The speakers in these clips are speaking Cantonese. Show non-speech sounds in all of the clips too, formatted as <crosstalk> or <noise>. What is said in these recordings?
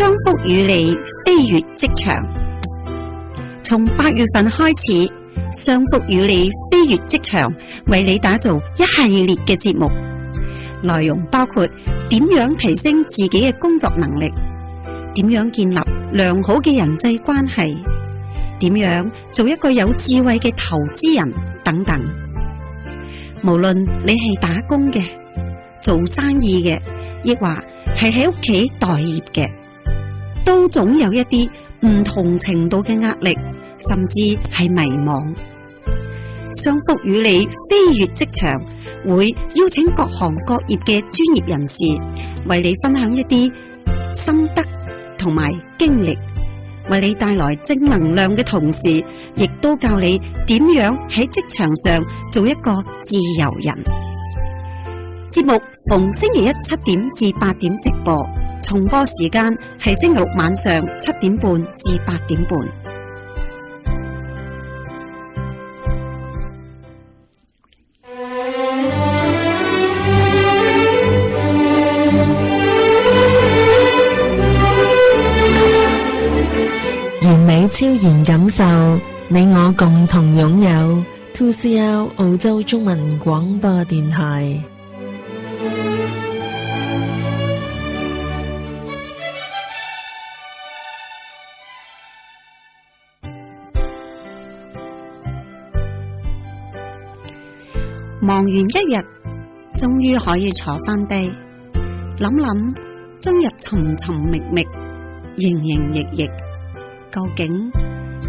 商福與你飛越職場，從八月份開始，商福與你飛越職場為你打造一系列嘅節目，內容包括點樣提升自己嘅工作能力，點樣建立良好嘅人際關係，點樣做一個有智慧嘅投資人等等。無論你係打工嘅、做生意嘅，亦或係喺屋企待業嘅。都總有一啲唔同程度嘅壓力，甚至係迷茫。商福與你飛越職場，會邀請各行各業嘅專業人士為你分享一啲心得同埋經歷，為你帶來正能量嘅同時，亦都教你點樣喺職場上做一個自由人。節目逢星期一七點至八點直播，重播時間。係星期六晚上七點半至八點半，完美超然感受，你我共同擁有。Two CL 澳洲中文廣播電台。忙完一日，終於可以坐翻低，諗諗終日尋尋覓覓，營營役役，究竟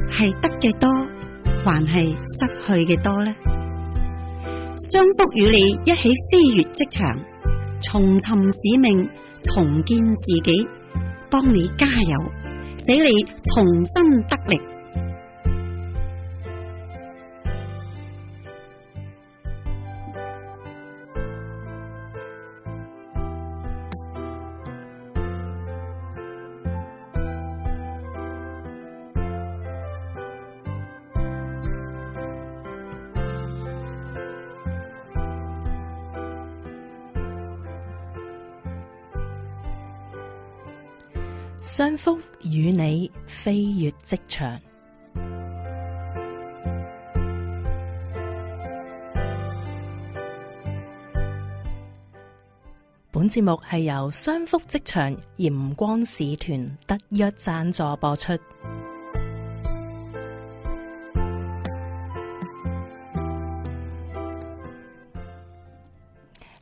係得嘅多，還係失去嘅多呢？商福與你一起飛越職場，重尋使命，重建自己，幫你加油，使你重新得力。商福與你飛越職場。本節目係由商福職場鹽光使團特約贊助播出。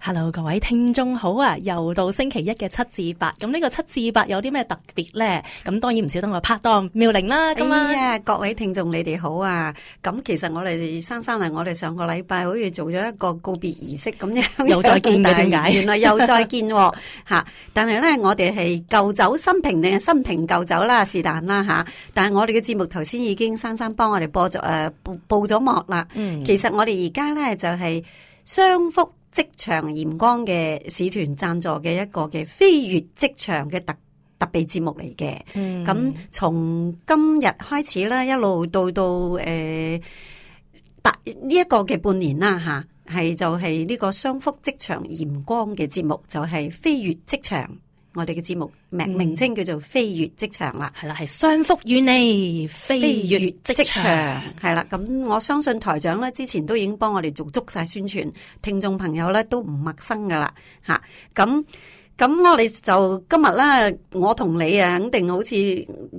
hello，各位聽眾好啊！又到星期一嘅七至八，咁呢個七至八有啲咩特別咧？咁當然唔少得我拍檔妙玲啦。咁啊、哎，各位聽眾你哋好啊！咁其實我哋珊珊係我哋上個禮拜好似做咗一個告別儀式咁樣，又再見大點解？原來又再見，吓！ <laughs> 但係咧，我哋係舊酒新瓶定係新瓶舊酒啦，是但啦吓。但係我哋嘅節目頭先已經珊珊幫我哋播咗誒，報、呃、咗幕啦。嗯、其實我哋而家咧就係商福。職場鹽光嘅使團贊助嘅一個嘅飛躍職場嘅特特備節目嚟嘅，咁從、嗯、今日開始啦，一路到到誒，達呢一個嘅半年啦吓，係就係、是、呢個商福職場鹽光嘅節目，就係、是、飛躍職場。我哋嘅節目名名稱叫做飛了、嗯《飛越職場》啦，係啦，係商福與你飛越職場，係啦，咁我相信台長咧之前都已經幫我哋做足晒宣傳，聽眾朋友咧都唔陌生噶啦，吓咁。咁我哋就今日啦，我同你啊，肯定好似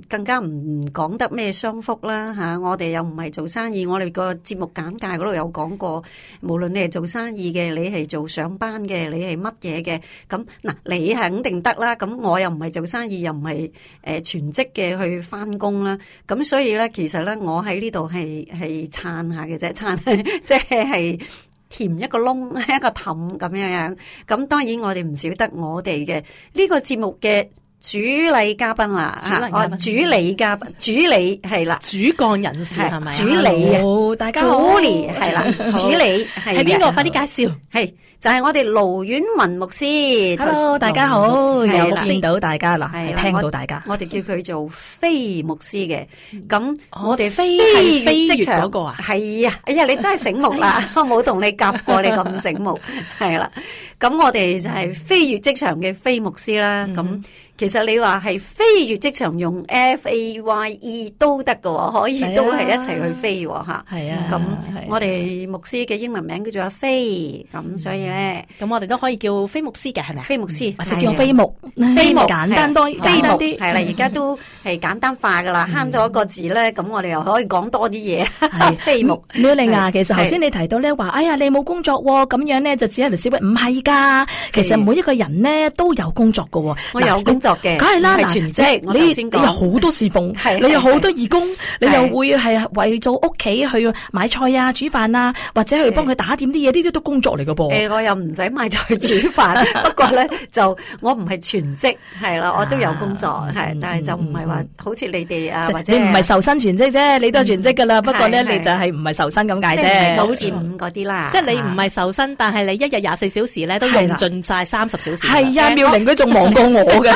更加唔講得咩商福啦吓，我哋又唔係做生意，我哋個節目簡介嗰度有講過，無論你係做生意嘅，你係做上班嘅，你係乜嘢嘅，咁嗱，你肯定得啦。咁我又唔係做生意，又唔係誒全職嘅去返工啦。咁所以咧，其實咧，我喺呢度係係撐下嘅啫，撐即係。係、就是填一個窿，一個氹咁樣樣。咁當然我哋唔少得我哋嘅呢個節目嘅主禮嘉賓啦。吓，我主禮嘉賓，主禮係啦，主幹人士係咪？主禮，好，大家好，主禮係啦，主禮係邊個？快啲介紹，嘿。就係我哋盧婉雯牧師，hello 大家好，又見到大家啦，聽到大家。我哋叫佢做飛牧師嘅，咁我哋飛越職場嗰個啊，係啊，哎呀你真係醒目啦，我冇同你夾過你咁醒目，係啦，咁我哋就係飛越職場嘅飛牧師啦。咁其實你話係飛越職場用 FAYE 都得嘅，可以都係一齊去飛吓，係啊。咁我哋牧師嘅英文名叫做阿飛，咁所以。咁我哋都可以叫飛牧師嘅，係咪？飛牧師，食叫飛牧，飛牧簡單多，簡單啲係啦。而家都係簡單化噶啦，慳咗一個字咧，咁我哋又可以講多啲嘢。飛牧，廖麗雅，其實頭先你提到咧，話哎呀，你冇工作咁樣咧，就只係嚟消費。唔係噶，其實每一個人咧都有工作噶。我有工作嘅，梗係啦，你全職，你有好多侍奉，你有好多義工，你又會係為咗屋企去買菜啊、煮飯啊，或者去幫佢打點啲嘢，呢啲都工作嚟噶噃。又唔使買菜煮飯，不過咧，就我唔係全職，係啦，我都有工作，係，但係就唔係話好似你哋啊，或者你唔係受薪全職啫，你都係全職噶啦。不過咧，你就係唔係受薪咁解啫，即係九點五嗰啲啦。即係你唔係受薪，但係你一日廿四小時咧都用盡晒三十小時。係啊，妙玲佢仲忙過我嘅，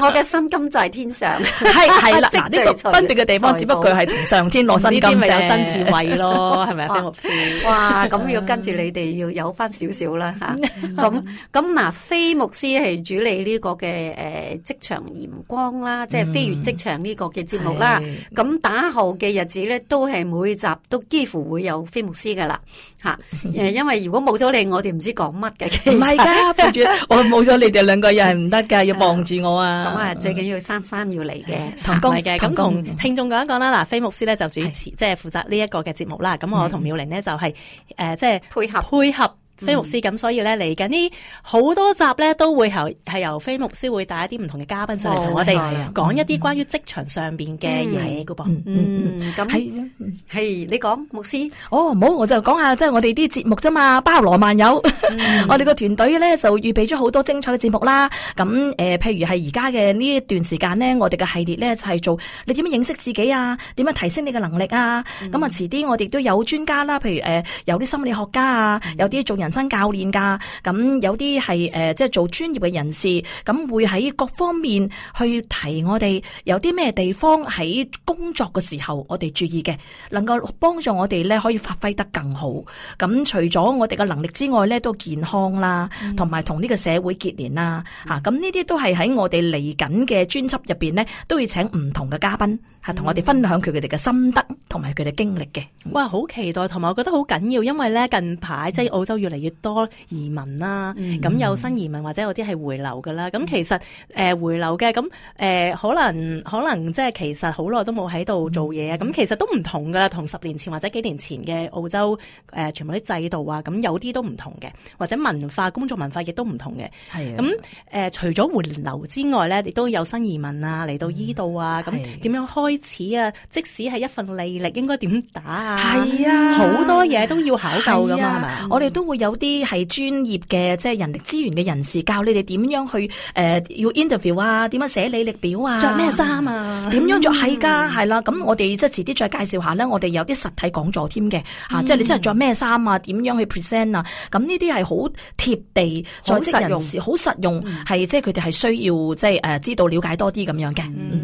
我嘅薪金就係天上。係係啦，呢個分別嘅地方，只不過佢係從上天落薪金啫。呢啲咪有曾志偉咯，係咪啊，方律師哇，咁要跟住你哋要有翻少少啦吓，咁咁嗱，飛牧師係主理呢、這個嘅誒職場鹽光啦，即係飛越職場呢個嘅節目啦。咁、嗯、打後嘅日子咧，都係每集都幾乎會有飛牧師噶啦吓。誒， <laughs> 因為如果冇咗你，我哋唔知講乜嘅。其唔係噶，副主， <laughs> 我冇咗你哋兩個又係唔得噶，要望住我啊。咁啊，最緊要珊珊要嚟嘅，同工。咁同工聽眾講一講啦。嗱，飛牧師咧就主持，即係負責呢一個嘅節目啦。咁我同妙玲呢就係、是、誒，即係是、呃就是、配合配合。飛牧師咁，所以咧嚟緊啲好多集咧，都會由係由飛牧師會帶一啲唔同嘅嘉賓上嚟，同我哋講一啲關於職場上邊嘅嘢噶噃。嗯，咁係係你講牧師？哦，冇，我就講下即係我哋啲節目啫嘛，包羅萬有。嗯，我哋個團隊咧就預備咗好多精彩嘅節目啦。咁，誒、呃，譬如係而家嘅呢一段時間呢，我哋嘅系列咧就係做你點樣認識自己啊？點樣提升你嘅能力啊？咁啊、嗯，遲啲我哋都有專家啦，譬如，誒、呃、有啲心理學家啊，有啲做人。人生教練噶，咁有啲係誒，即係做專業嘅人士，咁會喺各方面去提我哋有啲咩地方喺工作嘅時候我哋注意嘅，能夠幫助我哋咧可以發揮得更好。咁除咗我哋嘅能力之外咧，都健康啦，同埋同呢個社會結連啦。吓、嗯，咁呢啲都係喺我哋嚟緊嘅專輯入邊咧，都會請唔同嘅嘉賓，同我哋分享佢佢哋嘅心得同埋佢哋經歷嘅，哇，好期待，同埋我覺得好緊要，因為咧近排即係澳洲越嚟越多移民啦，咁、嗯、有新移民或者有啲係回流噶啦，咁其實誒、呃、回流嘅，咁誒、呃、可能可能即係其實好耐都冇喺度做嘢啊，咁、嗯、其實都唔同噶啦，同十年前或者幾年前嘅澳洲誒、呃、全部啲制度啊，咁有啲都唔同嘅，或者文化工作文化亦都唔同嘅，係咁誒除咗回流之外咧，亦都有新移民啊嚟到依度啊，咁點樣開。似啊，即使係一份履歷，應該點打啊？係啊，好多嘢都要考究噶嘛，啊、是是我哋都會有啲係專業嘅，即、就、係、是、人力資源嘅人士教你哋點樣去誒、呃、要 interview 啊，點樣寫履歷表啊，着咩衫啊，點、嗯、樣着係噶，係啦、嗯。咁我哋即係遲啲再介紹下咧，我哋有啲實體講座添嘅吓，即係你真係着咩衫啊，點、就是啊、樣去 present 啊，咁呢啲係好貼地、即實用、好實用，係即係佢哋係需要即係誒知道了解多啲咁樣嘅。嗯，嗱、嗯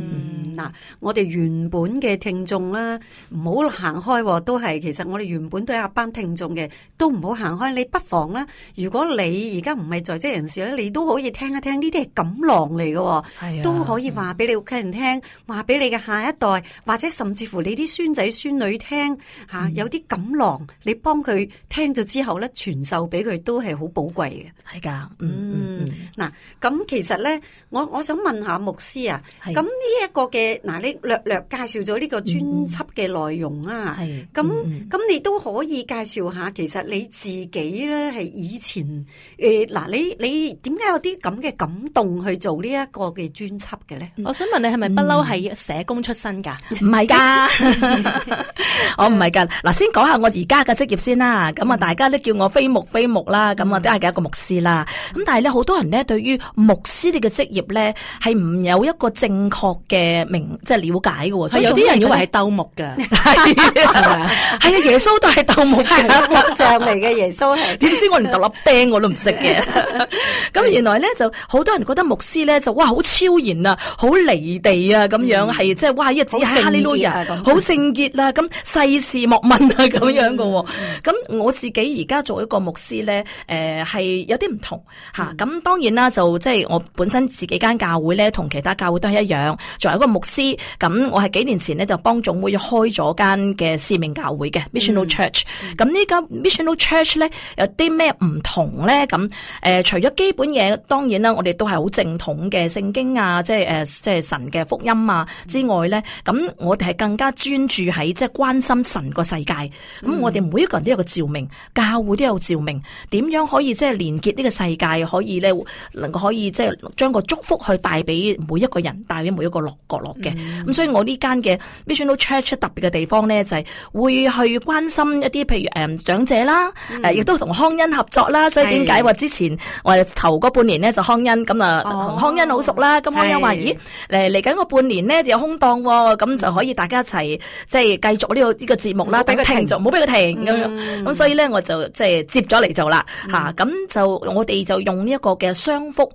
嗯啊，我哋完。原本嘅聽眾啦，唔好行開，都係其實我哋原本都有一班聽眾嘅，都唔好行開。你不妨啦，如果你而家唔係在職人士咧，你都可以聽一聽呢啲係錦囊嚟嘅，的啊、都可以話俾你屋企人聽，話俾、啊、你嘅下一代，或者甚至乎你啲孫仔孫女聽嚇、嗯啊，有啲錦囊，你幫佢聽咗之後咧，傳授俾佢都係好寶貴嘅。係㗎，嗯，嗱、嗯，咁、嗯嗯、其實咧，我我想問下牧師啊，咁呢一個嘅嗱，你略介紹咗呢個專輯嘅內容啊，咁咁你都可以介紹下，其實你自己咧係以前誒嗱、呃，你你點解有啲咁嘅感動去做這個的呢一個嘅專輯嘅咧？我想問你係咪不嬲係社工出身噶？唔係噶，我唔係噶。嗱，先講下我而家嘅職業先啦。咁啊，大家咧叫我飛牧飛牧啦，咁啊都係嘅一個牧師啦。咁、嗯、但係咧，好多人咧對於牧師呢個職業咧係唔有一個正確嘅明，即係了解。有啲人以為係鬥木嘅，係 <laughs> 啊，耶穌都係鬥木嘅、 <laughs> 啊、木像嚟嘅，耶穌係。點 <laughs> 知我連獨粒釘我都唔識嘅。咁、 <laughs> 啊、原來咧，就好多人覺得牧師咧就哇好超然啊，好離地啊，咁樣係即係哇，一日只哈利路亞，好聖潔啦，咁、啊、世事莫問啊，咁樣嘅、啊。咁、嗯、我自己而家做，、呃嗯啊、做一個牧師咧，誒係有啲唔同吓。咁當然啦，就即係我本身自己間教會咧，同其他教會都係一樣，作為一個牧師咁。嗯、我係幾年前呢，就幫總會開咗間嘅使命教會嘅 missional、嗯、church。咁呢間 missional church 咧有啲咩唔同咧？咁誒、呃，除咗基本嘢，當然啦，我哋都係好正統嘅聖經啊，即係誒、呃，即係神嘅福音啊之外咧，咁我哋係更加專注喺即係關心神個世界。咁、嗯嗯、我哋每一個人都有個召命，教會都有召命，點樣可以即係連結呢個世界，可以咧能夠可以即係將個祝福去帶俾每一個人，帶俾每一個落角落嘅。咁所以。嗯我呢間嘅 Missional Church 特別嘅地方咧，就係、是、會去關心一啲譬如誒、呃、長者啦，誒亦都同康恩合作啦。所以點解話之前我頭嗰半年咧就康恩咁啊，同康恩好熟啦。咁、哦、康恩話：是咦，嚟緊個半年咧就有空檔、喔，咁、嗯、就可以大家一齊即係繼續呢個呢個節目啦。唔好俾佢停，唔好俾佢停咁。咁、嗯、所以咧，我就即係、就是、接咗嚟做啦。吓、嗯，咁、啊、就我哋就用呢一個嘅商福誒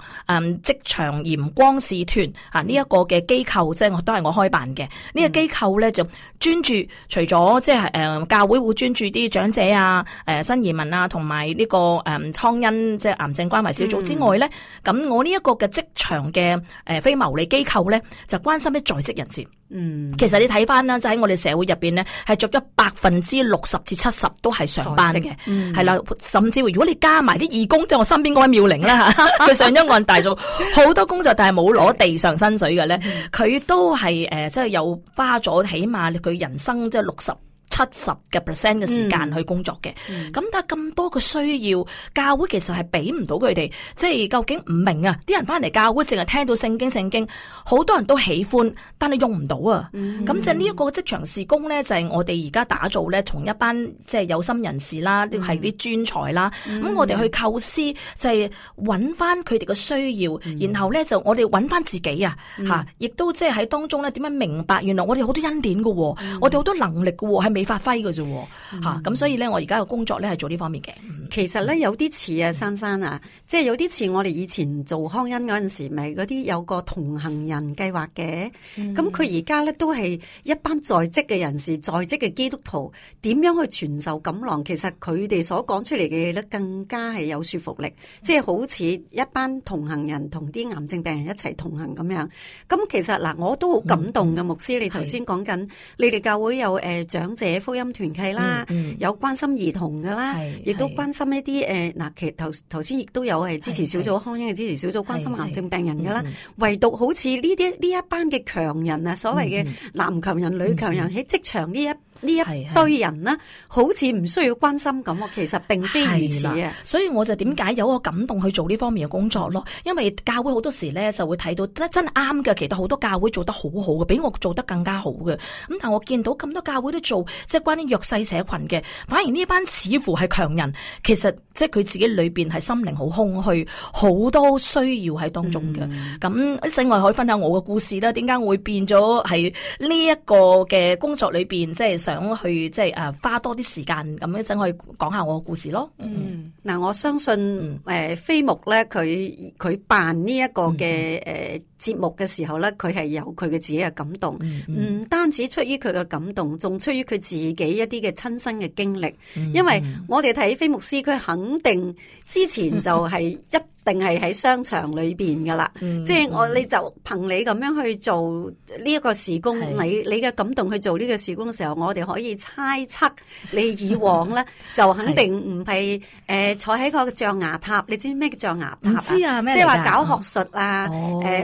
職、嗯、場鹽光使團呢一個嘅機構，即係都係我開辦。嘅呢個機構咧就專注，除咗即係誒，教會會專注啲長者啊誒，新移民啊，同埋呢個誒蒼恩，即係癌症關懷小組之外咧，咁、嗯、我呢一個嘅職場嘅誒非牟利機構咧就關心啲在職人士。嗯，其實你睇返啦，就喺我哋社會入邊咧，係着咗百分之六十至七十都係上班嘅，係啦、嗯，甚至乎如果你加埋啲義工，即係我身邊嗰位妙玲啦吓，佢 <laughs> 上咗岸大做好多工作， <laughs> 但係冇攞地上薪水嘅咧，佢都係誒，即係又花咗起碼佢人生即係六十。就是七十嘅 percent 嘅時間去工作嘅，咁、嗯嗯、但係咁多嘅需要，教會其實係俾唔到佢哋，即係究竟唔明啊！啲人翻嚟教會淨係聽到聖經聖經，好多人都喜歡，但係用唔到啊！咁就係呢一個職場事工咧，就係我哋而家打造咧，從一班即係有心人士啦，都係啲專才啦，咁、嗯、我哋去構思就係揾翻佢哋嘅需要，嗯、然後咧就我哋揾翻自己啊，吓、嗯，亦都即係喺當中咧點樣明白，原來我哋好多恩典嘅，嗯、我哋好多能力嘅，係未發揮嘅啫，吓，咁所以咧，我而家嘅工作咧係做呢方面嘅。嗯、其實咧有啲似啊，珊珊啊，嗯、即係有啲似我哋以前做康恩嗰陣時，咪嗰啲有個同行人計劃嘅。咁佢而家咧都係一班在職嘅人士，在職嘅基督徒，點樣去傳授錦囊？其實佢哋所講出嚟嘅嘢咧，更加係有說服力。即係、嗯、好似一班同行人同啲癌症病人一齊同行咁樣。咁其實嗱，我都好感動嘅，牧師，嗯、你頭先講緊你哋教會有誒、呃、長者。嘅福音團契啦，嗯嗯、有關心兒童嘅啦，是亦都關心一啲誒嗱，其頭頭先亦都有係支持小組，康英嘅，是支持小組關心癌症病人噶啦，唯獨好似呢啲呢一班嘅強人啊，所謂嘅男強人、女強人喺職、嗯、場呢一。呢一堆人呢，好似唔需要關心咁，其實並非如此啊！所以我就點解有個感動去做呢方面嘅工作咯？因為教會好多時咧，就會睇到得真啱嘅。其實好多教會做得好好嘅，比我做得更加好嘅。咁，但我見到咁多教會都做，即係關於弱勢社群嘅，反而呢班似乎係強人，其實即係佢自己裏邊係心靈好空虛，好多需要喺當中嘅。咁、嗯，另外可以分享我嘅故事啦。點解會變咗係呢一個嘅工作裏邊，即係？想去即係誒、啊，花多啲時間咁樣，一陣去講下我嘅故事咯。嗯，嗱、嗯嗯啊，我相信誒，飛牧咧佢佢辦呢一個嘅誒。嗯嗯呃節目嘅時候咧，佢係有佢嘅自己嘅感動，唔、嗯、單止出於佢嘅感動，仲出於佢自己一啲嘅親身嘅經歷。嗯、因為我哋睇飛牧師，佢肯定之前就係一定係喺商場裏邊噶啦。嗯、即係我你就憑你咁樣去做呢一個時工，是你你嘅感動去做呢個時工嘅時候，我哋可以猜測你以往咧是就肯定唔係誒坐喺個象牙塔。你知唔知咩叫象牙塔知是說啊？即係話搞學術啊？誒、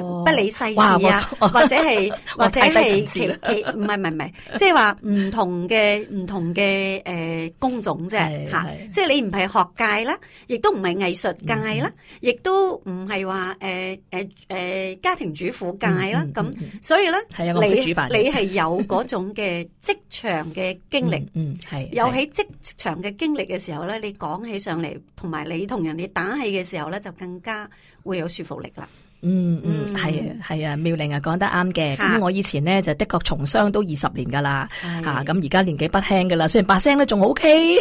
呃。不理世事啊，或者係或者係其其唔係唔係唔係，即係話唔同嘅、唔同嘅誒工種啫吓，即係你唔係學界啦，亦都唔係藝術界啦，亦都唔係話誒誒誒家庭主婦界啦，咁所以咧，你你係有嗰種嘅職場嘅經歷，嗯係有喺職場嘅經歷嘅時候咧，你講起上嚟，同埋你同人哋打氣嘅時候咧，就更加會有說服力啦。嗯嗯，係啊係啊，妙玲啊講得啱嘅。咁我以前呢，就的確從商都二十年噶啦，吓咁而家年紀不輕噶啦。雖然把聲咧仲 OK，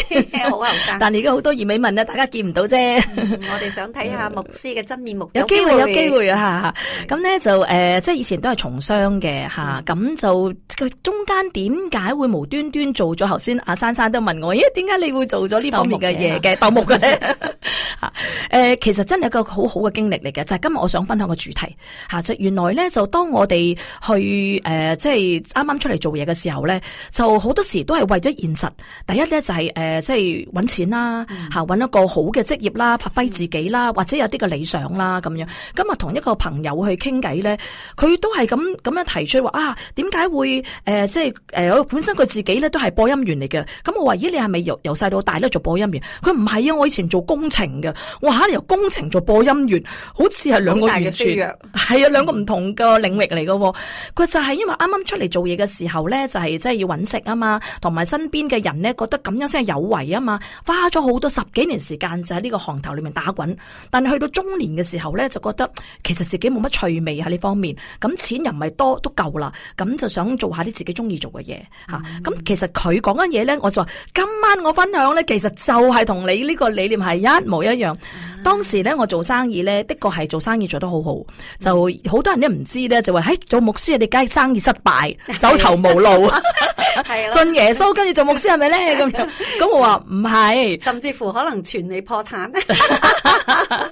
但而家好多魚尾紋呢，大家見唔到啫，嗯。我哋想睇下牧師嘅真面目，有機會有機會啊！吓咁呢，的就誒，呃，即係以前都係從商嘅吓，咁的就中間點解會無端端做咗？頭先阿珊珊都問我，咦？點解你會做咗呢方面嘅嘢嘅？盜墓嘅咧？吓誒、 <laughs> 呃，其實真係一個好好嘅經歷嚟嘅，就係、是、今日我想分享。主題吓，就原來咧，就當我哋去誒，即係啱啱出嚟做嘢嘅時候咧，就好多時都係為咗現實。第一咧就係、是、誒，即係搵錢啦，吓搵、嗯、一個好嘅職業啦，發揮自己啦，或者有啲嘅理想啦咁樣。咁啊，同一個朋友去傾偈咧，佢都係咁咁樣提出話啊，點解會誒，即係誒，我、就是呃、本身佢自己咧都係播音員嚟嘅。咁我話咦，你係咪由由細到大咧做播音員？佢唔係啊，我以前做工程嘅。我吓由工程做播音員，好似係兩個。係啊，兩個唔同嘅領域嚟噶、啊，佢就係因為啱啱出嚟做嘢嘅時候咧，就係即係要搵食啊嘛，同埋身邊嘅人咧覺得咁樣先係有為啊嘛，花咗好多十幾年時間就喺呢個行頭裏面打滾，但係去到中年嘅時候咧，就覺得其實自己冇乜趣味喺呢方面，咁錢又唔係多都夠啦，咁就想做下啲自己中意做嘅嘢吓，咁、mm hmm. 啊、其實佢講緊嘢咧，我就話今晚我分享咧，其實就係同你呢個理念係一模一樣，mm hmm. 當時咧我做生意咧，的確係做生意做得好。好、嗯、就好多人咧唔知咧，就話喺、欸、做牧師，你梗係生意失敗，的走投無路， <laughs> 信耶穌跟住做牧師係咪咧？咁 <laughs> 樣咁我話唔係，甚至乎可能全你破產。咁啊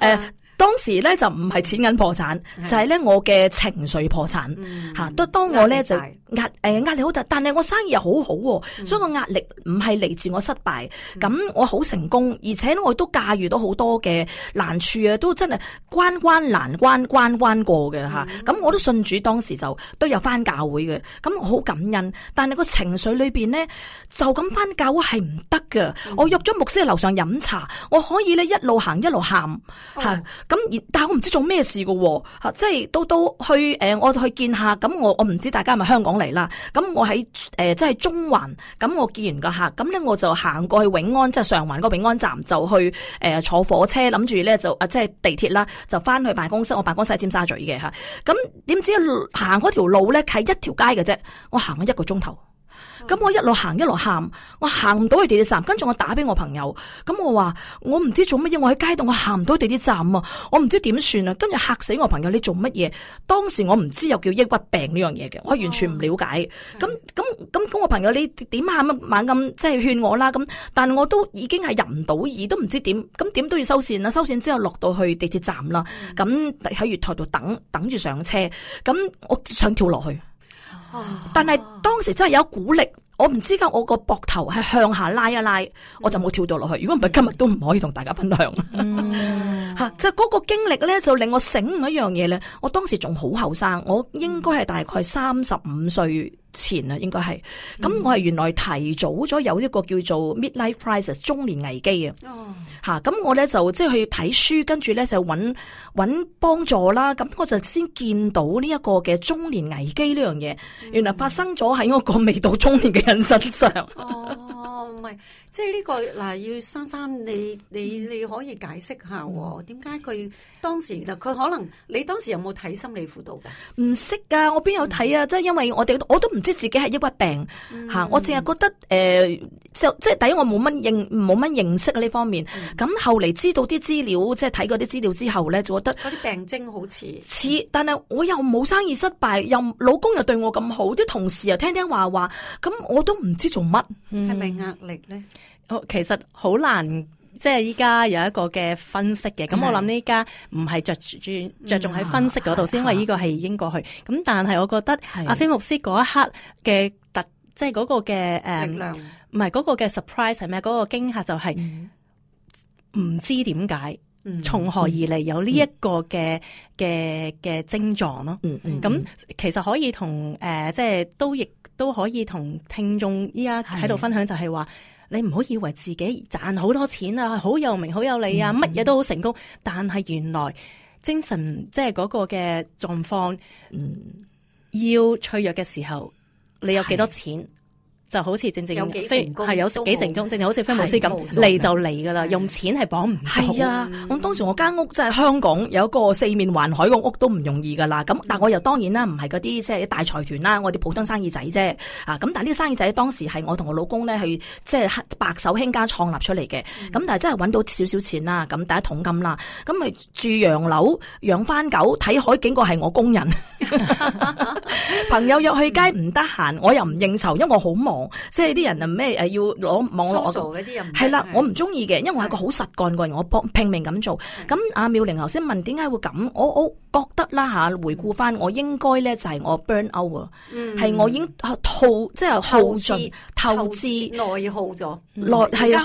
誒，當時咧就唔係錢銀破產，嗯、就係咧我嘅情緒破產吓。當、嗯、當我咧就。壓誒壓力好大，但係我生意又好好，嗯、所以我壓力唔係嚟自我失敗，咁、嗯、我好成功，而且我都駕馭到好多嘅難處啊，都真係關關難關關關關過嘅吓，咁、嗯、我都信主，當時就都有翻教會嘅。咁我好感恩，但係個情緒裏邊呢，就咁翻教會係唔得嘅，嗯、我約咗牧師喺樓上飲茶，我可以咧一路行一路喊吓，咁、哦、但係我唔知做咩事嘅，吓即係到到去誒，我去見下。咁我我唔知大家係咪香港嚟。嚟啦，咁我喺誒即係中環，咁我見完個客，咁咧我就行過去永安，即係上環個永安站就去誒坐火車，諗住咧就誒即係地鐵啦，就翻去辦公室。我辦公室喺尖沙咀嘅吓，咁點知行嗰條路咧係一條街嘅啫，我行咗一個鐘頭。咁我一路行一路喊，我行唔到去地鐵站，跟住我打俾我朋友，咁我話我唔知做乜嘢，我喺街度我行唔到地鐵站啊，我唔知點算啊，跟住嚇死我朋友，你做乜嘢？當時我唔知又叫抑鬱病呢樣嘢嘅，我完全唔了解。咁咁咁咁，我朋友你點啊？猛咁即係勸我啦，咁但我都已經係入唔到耳，都唔知點，咁點都要收線啦，收線之後落到去地鐵站啦，咁喺、mm. 月台度等等住上車，咁我想跳落去。但係當時真係有股力，我唔知噶，我個膊頭係向下拉一拉，我就冇跳到落去。如果唔係，今日都唔可以同大家分享。嗯。吓，即係嗰個經歷咧，就令我醒悟一樣嘢咧。我當時仲好後生，我應該係大概三十五歲。前啊，應該係，咁我係原來提早咗有一個叫做 midlife crisis 中年危機、哦、啊，哦，吓，咁我咧就即係去睇書，跟住咧就揾揾幫助啦，咁我就先見到呢一個嘅中年危機呢樣嘢，嗯、原來發生咗喺我個未到中年嘅人身上。哦，唔係，即係呢、這個嗱，要珊珊你你你可以解釋下，點解佢當時嗱，佢可能你當時有冇睇心理輔導噶？唔識噶，我邊有睇啊？即係、嗯、因為我哋我都唔。知自己係抑鬱病嚇，嗯、我淨係覺得誒、呃，就即係第一我冇乜認冇乜認識呢方面。咁、嗯、後嚟知道啲資料，即係睇過啲資料之後咧，就覺得嗰啲病徵好似似，但係我又冇生意失敗，又老公又對我咁好，啲同事又聽聽話話，咁我都唔知做乜，係、嗯、咪壓力咧？哦，其實好難。即係依家有一個嘅分析嘅，咁、嗯、我諗呢家唔係着專著重喺分析嗰度，先、嗯，因為呢個係已經過去。咁、嗯、但係我覺得阿菲慕斯嗰一刻嘅突，嗯、即係嗰個嘅誒，唔係嗰個嘅 surprise 係咩？嗰、嗰個驚嚇就係唔知點解，嗯、從何而嚟有呢一個嘅嘅嘅症狀咯、嗯。嗯咁其實可以同誒、呃，即係都亦都可以同聽眾依家喺度分享就係話，就係話。你唔好以為自己賺好多錢啊，好有名、好有利啊，乜嘢、嗯、都好成功，但係原來精神即係嗰個嘅狀況，嗯，要脆弱嘅時候，你有幾多少錢？就好似正正飛係有幾成功，正正好似分毛斯咁嚟就嚟㗎啦。的用錢係綁唔到。係啊的！咁、嗯、當時我間屋即係香港有一個四面環海個屋都唔容易㗎啦。咁、嗯、但我又當然啦，唔係嗰啲即係大財團啦，我哋普通生意仔啫。啊！咁但係呢生意仔當時係我同我老公咧係即係白手興家創立出嚟嘅。咁、嗯、但係真係搵到少少錢啦，咁第一桶金啦。咁咪住洋樓養翻狗睇海景，個係我工人。朋友約去街唔得閒，我又唔應酬，因為我好忙。即係啲人啊，咩誒要攞網絡人？係啦，我唔中意嘅，因為我係個好實幹個人，我搏拼命咁做。咁阿妙玲頭先問點解會咁，我我覺得啦吓，回顧翻我應該咧就係我 burn out 係我已套，即係耗盡透支內耗咗，內係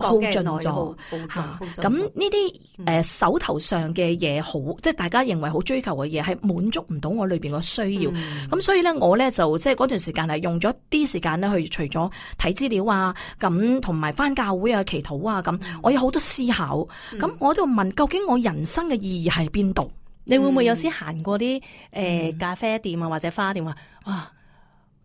耗盡咗。咁呢啲誒手頭上嘅嘢好，即係大家認為好追求嘅嘢，係滿足唔到我裏邊嘅需要。咁所以咧，我咧就即係嗰段時間係用咗啲時間咧去。除咗睇資料啊，咁同埋返教會啊、祈禱啊咁，我有好多思考。咁、嗯、我都問，究竟我人生嘅意義喺邊度？你會唔會有時行過啲誒咖啡店啊，或者花店、嗯嗯、啊？哇，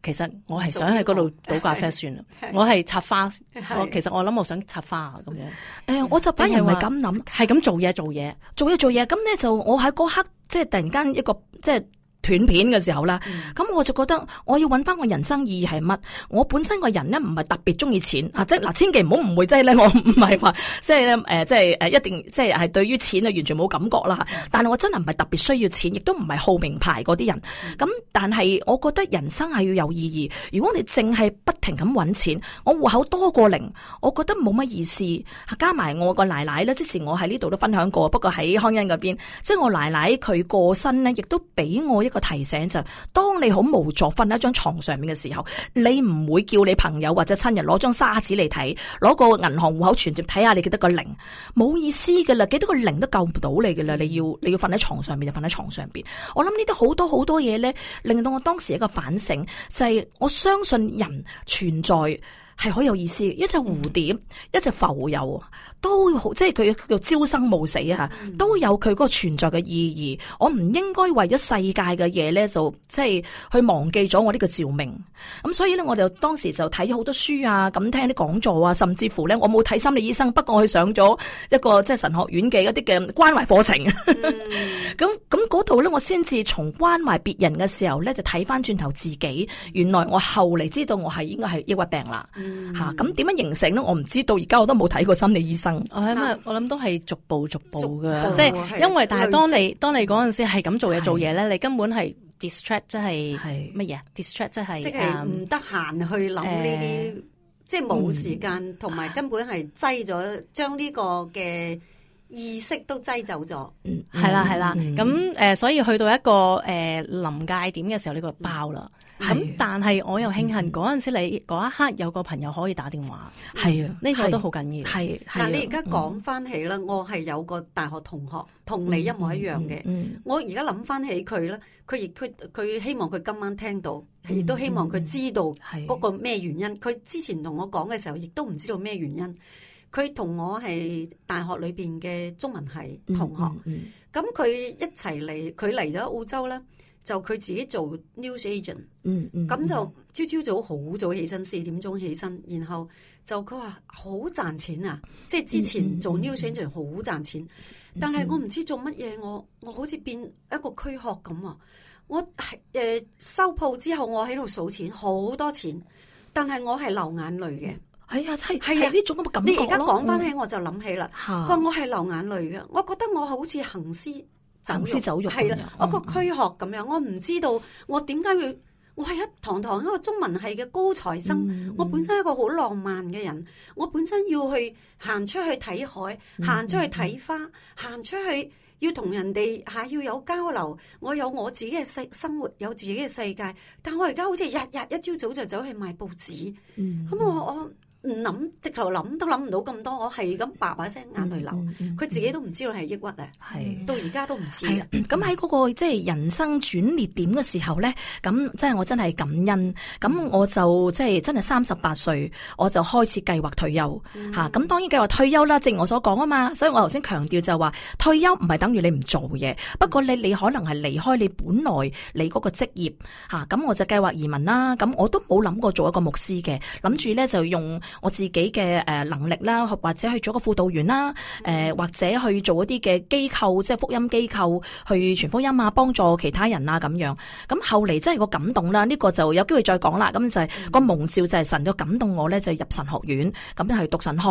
其實我係想喺嗰度倒咖啡算啦。的我係插花，的我其實我諗我想插花啊，咁的樣。誒、欸，我就反而唔係咁諗，係咁的的做嘢做嘢做嘢做嘢，咁咧就我喺嗰刻即係、就是、突然間一個即係。就是斷片嘅時候啦，咁我就覺得我要搵翻我人生意義係乜？我本身個人咧唔係特別中意錢啊，即係嗱，千祈唔好誤會即係咧，我唔係話即係咧，誒，即係誒，一定即係係對於錢啊完全冇感覺啦。但係我真係唔係特別需要錢，亦都唔係好名牌嗰啲人。咁但係我覺得人生係要有意義。如果你淨係不停咁搵錢，我戶口多過零，我覺得冇乜意思。加埋我個奶奶咧，之前我喺呢度都分享過，不過喺康恩嗰邊，即係我奶奶佢過身咧，亦都俾我一。個提醒就係，當你好無助瞓喺張床上面嘅時候，你唔會叫你朋友或者親人攞張沙紙嚟睇，攞個銀行戶口存折睇下你幾多個零，冇意思噶啦，幾多個零都救唔到你噶啦，你要你要瞓喺床上面就瞓喺床上面。我諗呢啲好多好多嘢咧，令到我當時一個反省就係、是，我相信人存在。係好有意思，一隻蝴蝶，嗯、一隻浮游，都即係佢叫朝生暮死啊，都有佢嗰個存在嘅意義。我唔應該為咗世界嘅嘢咧，就即係去忘記咗我呢個召命。咁所以咧，我就當時就睇咗好多書啊，咁聽啲講座啊，甚至乎咧，我冇睇心理醫生，不過我去上咗一個即係神學院嘅一啲嘅關懷課程。咁咁嗰度咧，那那我先至從關懷別人嘅時候咧，就睇翻轉頭自己，原來我後嚟知道我係應該係抑鬱病啦。嗯吓咁點樣形成咧？我唔知道，而家我都冇睇過心理醫生。我諗我諗都係逐步逐步嘅，即係因為但係當你當你嗰陣時係咁做嘢做嘢咧，你根本係 distract 即係乜嘢？distract 即係即係唔得閒去諗呢啲，即係冇時間，同埋根本係擠咗將呢個嘅意識都擠走咗。係啦係啦，咁誒，所以去到一個誒臨界點嘅時候，呢個爆啦。咁，係但係我又慶幸嗰陣時你嗰、嗯、一刻有個朋友可以打電話，係啊，呢個都好緊要。係，但你而家講翻起咧，嗯、我係有個大學同學，同你一模一樣嘅。嗯嗯嗯、我而家諗翻起佢咧，佢亦佢佢希望佢今晚聽到，亦、嗯、都希望佢知道嗰個咩原因。佢的之前同我講嘅時候，亦都唔知道咩原因。佢同我係大學裏邊嘅中文系同學，咁佢、嗯嗯嗯、一齊嚟，佢嚟咗澳洲啦。就佢自己做 news agent，咁、嗯嗯、就朝朝早好早起身，四點鐘起身，然後就佢話好賺錢啊！即、就、係、是、之前做 news agent 好賺錢，嗯嗯、但係我唔知做乜嘢，我我好似變一個軀殼咁啊！我係誒、呃、收鋪之後，我喺度數錢，好多錢，但係我係流眼淚嘅。係、哎、啊，係係啊，呢種咁嘅感覺咯。你而家講翻起我就諗起啦，佢話、嗯、我係流眼淚嘅，我覺得我好似行屍。走失走肉係啦，我個軀殼咁樣，我唔知道我點解會我係一堂堂一個中文系嘅高材生，嗯嗯、我本身係一個好浪漫嘅人，我本身要去行出去睇海，行出去睇花，行、嗯嗯、出去要同人哋吓，要有交流，我有我自己嘅世生活，有自己嘅世界，但我而家好似日日一朝早就走去賣報紙，咁我、嗯嗯、我。唔，直頭諗都諗唔到咁多，我係咁叭叭聲眼淚流，佢、嗯嗯嗯、自己都唔知道係抑鬱啊，是到而家都唔知咁喺嗰個即係人生轉捩點嘅時候咧，咁即係我真係感恩，咁我就即係真係三十八歲，我就開始計劃退休嚇。咁、嗯啊、當然計劃退休啦，正如我所講啊嘛。所以我頭先強調就話退休唔係等於你唔做嘢，不過你你可能係離開你本來你嗰個職業咁、啊、我就計劃移民啦。咁我都冇諗過做一個牧師嘅，諗住咧就用。我自己嘅誒能力啦，或者去做一個輔導員啦，誒、呃、或者去做一啲嘅機構，即係福音機構去傳福音啊，幫助其他人啊咁樣。咁後嚟真係、這個個,那個感動啦，呢個就有機會再講啦。咁就係個蒙召就係神嘅感動我咧，就入神學院，咁就去讀神學。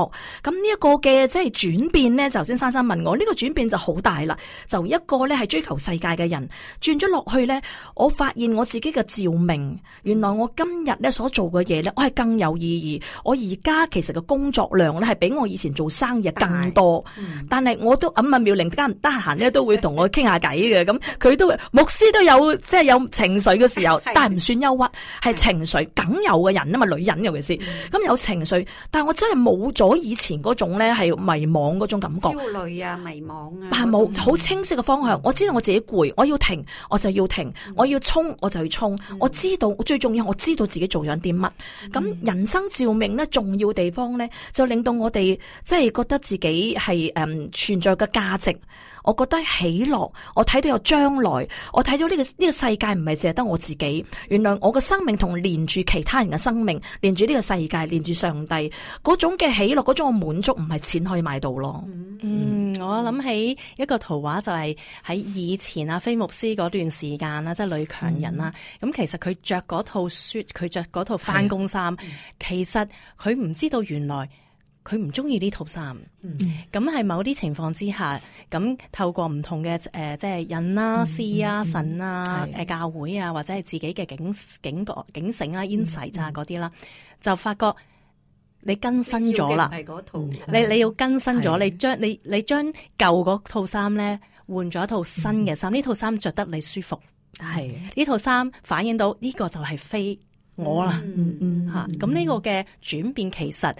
咁呢一個嘅即係轉變咧，就頭先珊珊問我，呢、這個轉變就好大啦。就一個咧係追求世界嘅人，轉咗落去咧，我發現我自己嘅召命，原來我今日咧所做嘅嘢咧，我係更有意義，我而。而家其實個工作量咧係比我以前做生意更多，但係我都暗暗妙玲得唔得閒咧都會同我傾下偈嘅，咁佢都牧師都有即係有情緒嘅時候，但係唔算憂鬱，係情緒梗有嘅人啊嘛，女人尤其是咁有情緒，但係我真係冇咗以前嗰種咧係迷茫嗰種感覺，焦慮啊，迷茫啊，但係冇好清晰嘅方向，我知道我自己攰，我要停我就要停，我要衝我就去衝，我知道最重要，我知道自己做樣啲乜，咁人生照明咧重要地方咧，就令到我哋即係覺得自己係誒、嗯、存在嘅價值。我覺得喜樂，我睇到有將來，我睇到呢個呢個世界唔係淨係得我自己。原來我嘅生命同連住其他人嘅生命，連住呢個世界，連住上帝，嗰種嘅喜樂，嗰種嘅滿足，唔係錢可以買到咯。嗯，嗯，我諗起一個圖畫就係喺以前啊，飛牧師嗰段時間啦，即係女強人啦。咁、嗯、其實佢着嗰套雪，佢着嗰套返工衫，啊嗯、其實佢唔知道原來。佢唔中意呢套衫，咁喺某啲情況之下，咁透過唔同嘅誒，即係人啊、事啊、神啊、誒教會啊，或者係自己嘅警警覺、警醒啊、恩洗咋嗰啲啦，就發覺你更新咗啦。係套，你你要更新咗，你將你你將舊套衫咧換咗一套新嘅衫。呢套衫着得你舒服，係呢套衫反映到呢個就係非我啦，嚇！咁呢個嘅轉變其實。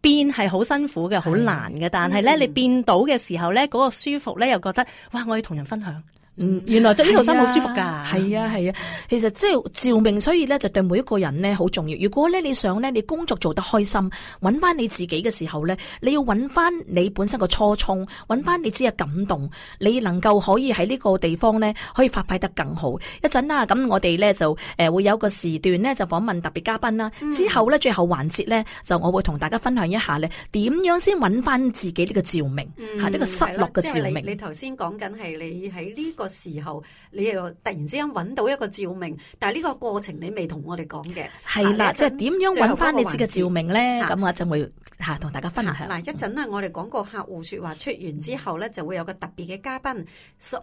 變係好辛苦嘅，好難嘅，是的但係咧，嗯、你變到嘅時候咧，嗰、嗰個舒服咧，又覺得，哇！我要同人分享。嗯，原來著呢套衫好舒服噶？係啊係啊，啊啊啊其實即係召命，所以咧就對每一個人呢好重要。如果咧你想咧你工作做得開心，揾翻你自己嘅時候咧，你要揾翻你本身個初衷，揾翻你隻嘅感動，你能夠可以喺呢個地方咧可以發揮得更好。一陣啊，咁我哋咧就誒會有個時段咧就訪問特別嘉賓啦。嗯、之後咧最後環節咧就我會同大家分享一下咧點樣先揾翻自己呢個召命吓呢個失落嘅召命。你你頭先講緊係你喺呢個時候，你又突然之間揾到一個召命，但係呢個過程你未同我哋講嘅，係啦的，即係點樣揾翻你自己嘅召命咧？咁、啊、我就會吓同、啊、大家分享。嗱、啊，一陣咧，我哋廣告客戶說話出完之後咧，就會有個特別嘅嘉賓，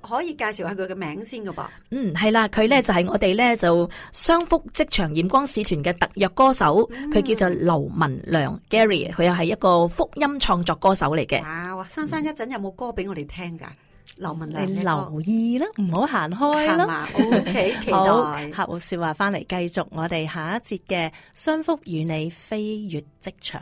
可以介紹下佢嘅名先㗎。噃，嗯，係啦，佢咧就係、是、我哋咧就商福職場鹽光使團嘅特約歌手，佢、嗯、叫做劉文良。Gary，佢又係一個福音創作歌手嚟嘅、啊。哇，珊珊，一陣、嗯、有冇歌俾我哋聽噶？劉文良，你留意啦，唔好行開啦。Okay, 期待 <laughs> 好，客戶說話翻嚟，繼續我哋下一節嘅商福與你飛越職場。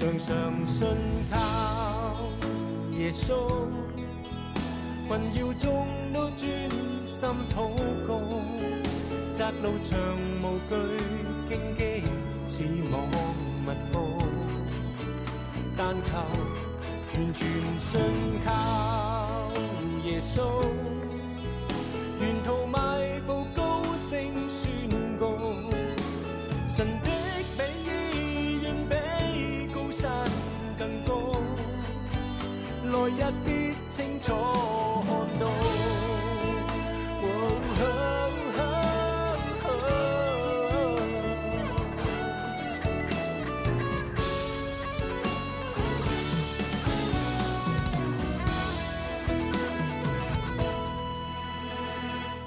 常常信靠耶穌，困擾中都專心禱告，窄路長無懼荊棘似網密布，但求完全信靠耶穌。送溫暖，多香多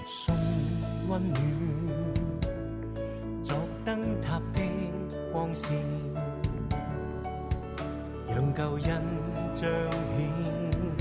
香啊、作燈塔的光線，讓舊人彰顯。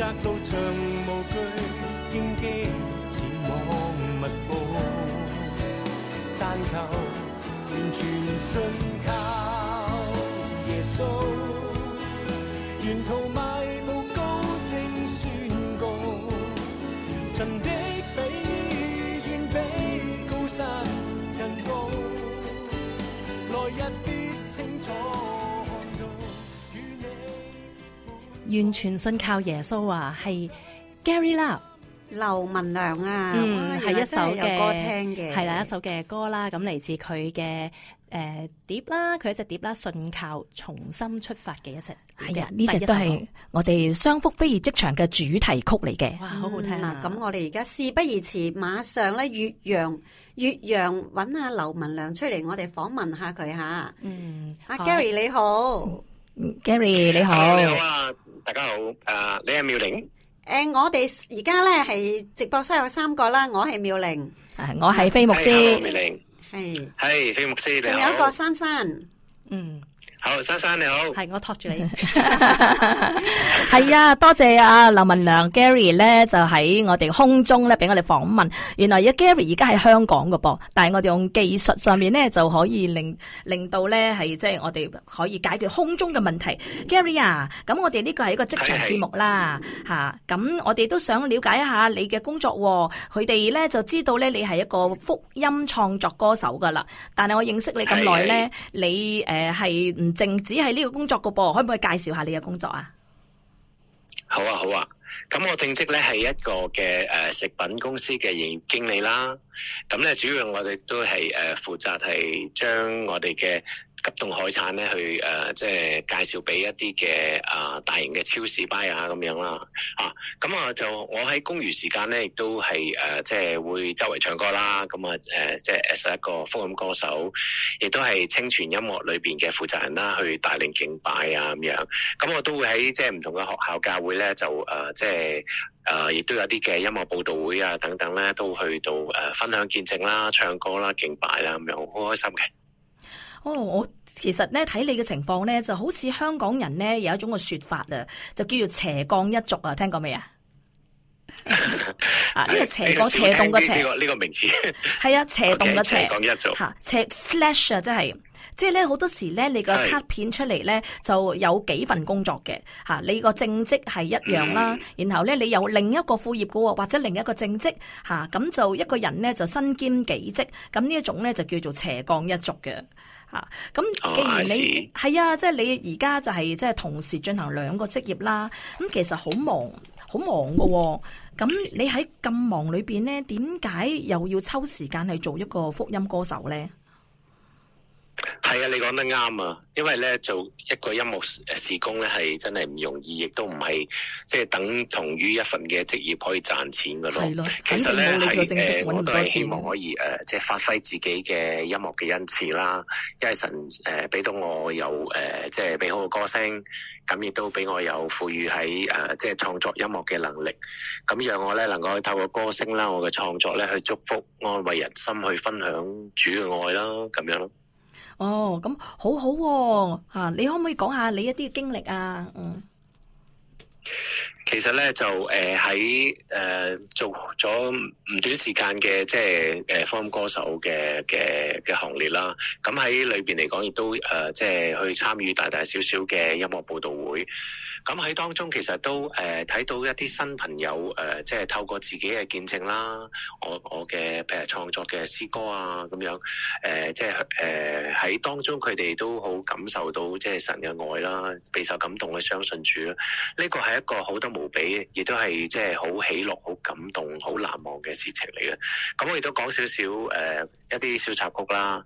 窄路長無懼荊棘，似網密布，但求完全信靠耶穌。沿途邁步高聲宣告，神的比意願比高山更高，來日必清楚。完全信靠耶穌啊，係 Gary 啦，劉文良啊，係一首嘅歌聽嘅，係啦，一首嘅歌啦，咁嚟自佢嘅誒碟啦，佢一隻碟啦，信靠重新出發嘅一隻，係啊，呢隻都係我哋商福飛躍職場嘅主題曲嚟嘅，哇，好好聽啊！咁我哋而家事不宜遲，馬上咧，岳陽岳陽揾下劉文良出嚟，我哋訪問下佢吓。嗯，阿 Gary 你好，Gary 你好。大家好，誒，你係妙玲，誒，我哋而家咧係直播室有三個啦，我係妙玲，係，我係飛牧師，妙玲，係，係飛牧師，仲有一個珊珊，嗯。好，珊珊你好，係我托住你，係 <laughs> <laughs> 啊，多謝啊，劉文良 Gary 咧就喺我哋空中咧俾我哋訪問，原來阿 Gary 而家喺香港嘅噃，但係我哋用技術上面咧就可以令令到咧係即係我哋可以解決空中嘅問題，Gary 啊，咁我哋呢個係一個職場節目啦，吓是，咁、啊、我哋都想了解一下你嘅工作、哦，佢哋咧就知道咧你係一個福音創作歌手噶啦，但係我認識你咁耐咧，是是你誒係、呃.淨止係呢個工作噶噃，可唔可以介紹下你嘅工作啊？好啊，好啊，咁我正職咧係一個嘅誒食品公司嘅營業經理啦，咁咧主要我哋都係誒負責係將我哋嘅。急凍海產咧，去誒，即係介紹俾一啲嘅啊，大型嘅超市 buyer 啊，咁樣啦，嚇。咁啊，就我喺公餘時間咧，亦都係誒，即係會周圍唱歌啦。咁啊，誒，即係係一個福音歌手，亦都係清泉音樂裏邊嘅負責人啦，去帶領敬拜啊，咁樣。咁我都會喺即係唔同嘅學校教會咧，就誒，即係誒，亦都有啲嘅音樂佈道會啊，等等咧，都去到誒分享見證啦、唱歌啦、敬拜啦，咁樣好開心嘅。哦，我其實咧睇你嘅情況咧，就好似香港人咧有一種嘅說法啊，就叫做斜槓一族啊，聽過未 <laughs> 啊？啊，呢個斜槓斜槓嘅斜，呢、這個呢、這個名字係 <laughs> 啊，斜槓嘅斜。Okay, 斜槓一族，吓斜 slash 啊，sl 啊就是、即係即係咧好多時咧，你個卡片出嚟咧就有幾份工作嘅，吓、啊、你個正職係一樣啦， <laughs> 然後咧你有另一個副業嘅喎，或者另一個正職吓，咁、啊、就一個人咧就身兼幾職，咁呢一種咧就叫做斜槓一族嘅。咁既然你係啊，即係你而家就係即係同時進行兩個職業啦。咁其實好忙，好忙㗎喎。咁你喺咁忙裏面咧，點解又要抽時間去做一個福音歌手咧？係啊，你講得啱啊，因為咧做一個音樂誒，事工咧係真係唔容易，亦都唔係即係等同於一份嘅職業可以賺錢噶咯。的其實咧係誒，我都係希望可以誒、呃，即係發揮自己嘅音樂嘅恩賜啦。因為神誒俾、呃、到我有誒、呃，即係美好嘅歌聲，咁亦都俾我有賦予喺誒，即係創作音樂嘅能力，咁讓我咧能夠透過歌聲啦，我嘅創作咧去祝福、安慰人心，去分享主嘅愛啦，咁樣咯。哦，咁好好喎嚇！你可唔可以講下你一啲嘅經歷啊？嗯，其實咧就誒喺誒做咗唔短時間嘅即係誒福音歌手嘅嘅嘅行列啦。咁喺裏邊嚟，講，亦都誒即係去參與大大小小嘅音樂佈道會，咁喺當中其實都誒睇、呃、到一啲新朋友誒、呃、即係透過自己嘅見證啦，我我嘅譬如創作嘅詩歌啊咁樣誒、呃、即係誒喺當中佢哋都好感受到即係神嘅愛啦，備受感動嘅相信主啦，呢個係一個好多無比，亦都係即係好喜樂好感動好難忘嘅事情嚟嘅。咁我亦都講少少誒一啲、呃、小插曲啦。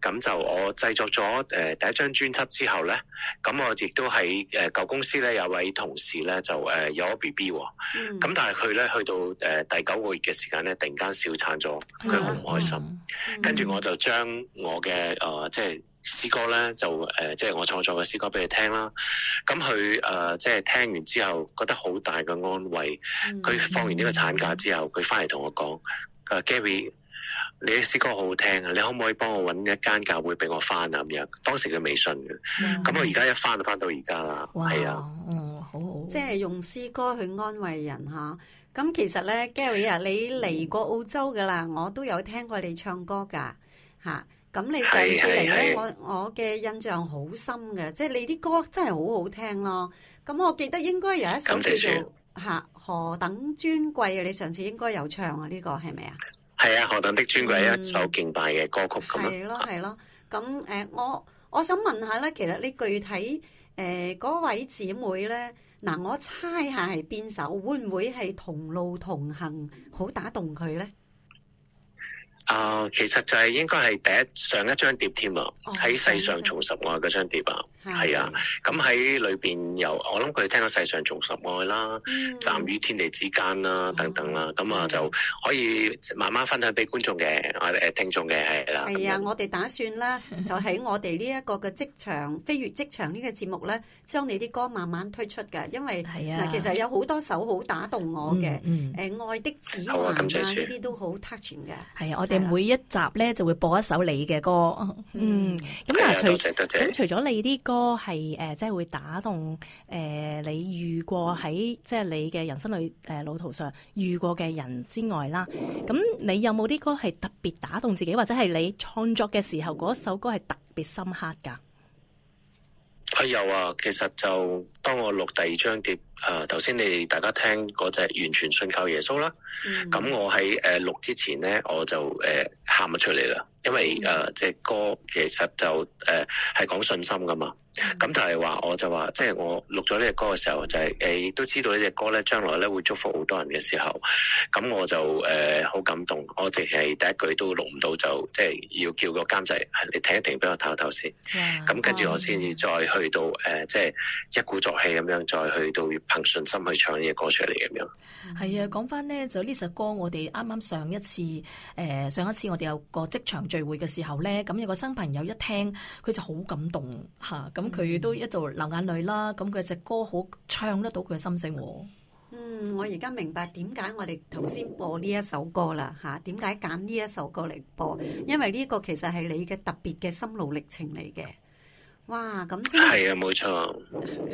咁就我製作咗誒、呃、第一張專輯之後咧，咁我亦都喺誒、呃、舊公司咧。有位同事咧就、呃、有 B B 喎，咁、嗯、但係佢咧去到、呃、第九個月嘅時間咧，突然間小產咗，佢好唔開心。嗯、跟住我就將我嘅、呃、即係詩歌咧，就、呃、即係我創作嘅詩歌俾佢聽啦。咁佢、呃、即係聽完之後，覺得好大嘅安慰。佢、嗯、放完呢個產假之後，佢翻嚟同我講、呃、Gary。你啲詩歌好好聽啊！你可唔可以幫我揾一間教會俾我返啊？咁樣當時佢未信嘅，咁我而家一返就返到而家啦。係啊，嗯，好好。即係用詩歌去安慰人嚇、啊。咁其實咧 <laughs> ，Gary 啊，你嚟過澳洲㗎啦，我都有聽過你唱歌㗎嚇。咁你上次嚟咧，我我嘅印象好深嘅，即係你啲歌真係好好聽咯、啊。咁我記得應該有一首叫做《嚇何等尊貴》啊，你上次應該有唱啊？呢、這個係咪啊？是係啊，《何等的尊貴》一首勁大嘅歌曲咁咯。係咯、嗯，係咯樣。咁誒、呃，我我想問下咧，其實你具體誒嗰、呃、位姊妹咧，嗱，我猜下係邊首會唔會係《同路同行》好打動佢咧？啊、呃，其實就係應該係第一上一張碟添啊，喺、哦《在世上重拾愛》嗰張碟啊，係啊的，咁喺裏邊又，我諗佢聽到《世上重拾愛》啦，站、嗯、於天地之間啦，等等啦，咁啊、嗯、就可以慢慢分享俾觀眾嘅，我誒聽眾嘅係啦。係啊，我哋打算啦， <laughs> 就喺我哋呢一個嘅職場飛越職場呢、呢個節目咧，將你啲歌慢慢推出嘅，因為其實有好多首好打動我嘅，誒愛的指南啊，呢啲都好 touching 嘅。係啊，我哋。每一集咧就會播一首你嘅歌。嗯，咁嗱、嗯，嗯、除咁除咗你啲歌係誒、呃，即係會打動誒、呃、你遇過喺、嗯、即係你嘅人生裏路途、呃、上遇過嘅人之外啦，咁、嗯、你有冇啲歌係特別打動自己，或者係你創作嘅時候嗰首歌係特別深刻㗎？佢有啊，其實就當我錄第二張碟，誒頭先你哋大家聽嗰隻完全信靠耶穌啦，咁、嗯、我喺誒錄之前咧，我就誒喊咗出嚟啦，因為誒隻、啊、歌其實就誒係、呃、講信心噶嘛。咁就係話，我就話，即係我錄咗呢隻歌嘅時候，就係誒，亦都知道呢隻歌咧，將來咧會祝福好多人嘅時候，咁我就誒好感動。我淨係第一句都錄唔到，就即係要叫個監製，你停一停俾我唞一唞先，啊。咁跟住我先至再去到誒，即係一鼓作氣咁樣再去到憑信心去唱呢隻歌出嚟咁樣。係啊，講翻咧，就呢首歌，我哋啱啱上一次，誒，上一次我哋有個職場聚會嘅時候咧，咁有個新朋友一聽，佢就好感動吓，咁、啊。佢都一做流眼淚啦，咁佢隻歌好唱得到佢嘅心聲。嗯，我而家明白點解我哋頭先播呢一首歌啦，吓，點解揀呢一首歌嚟播？因為呢個其實係你嘅特別嘅心路歷程嚟嘅。哇，咁真係啊，冇錯。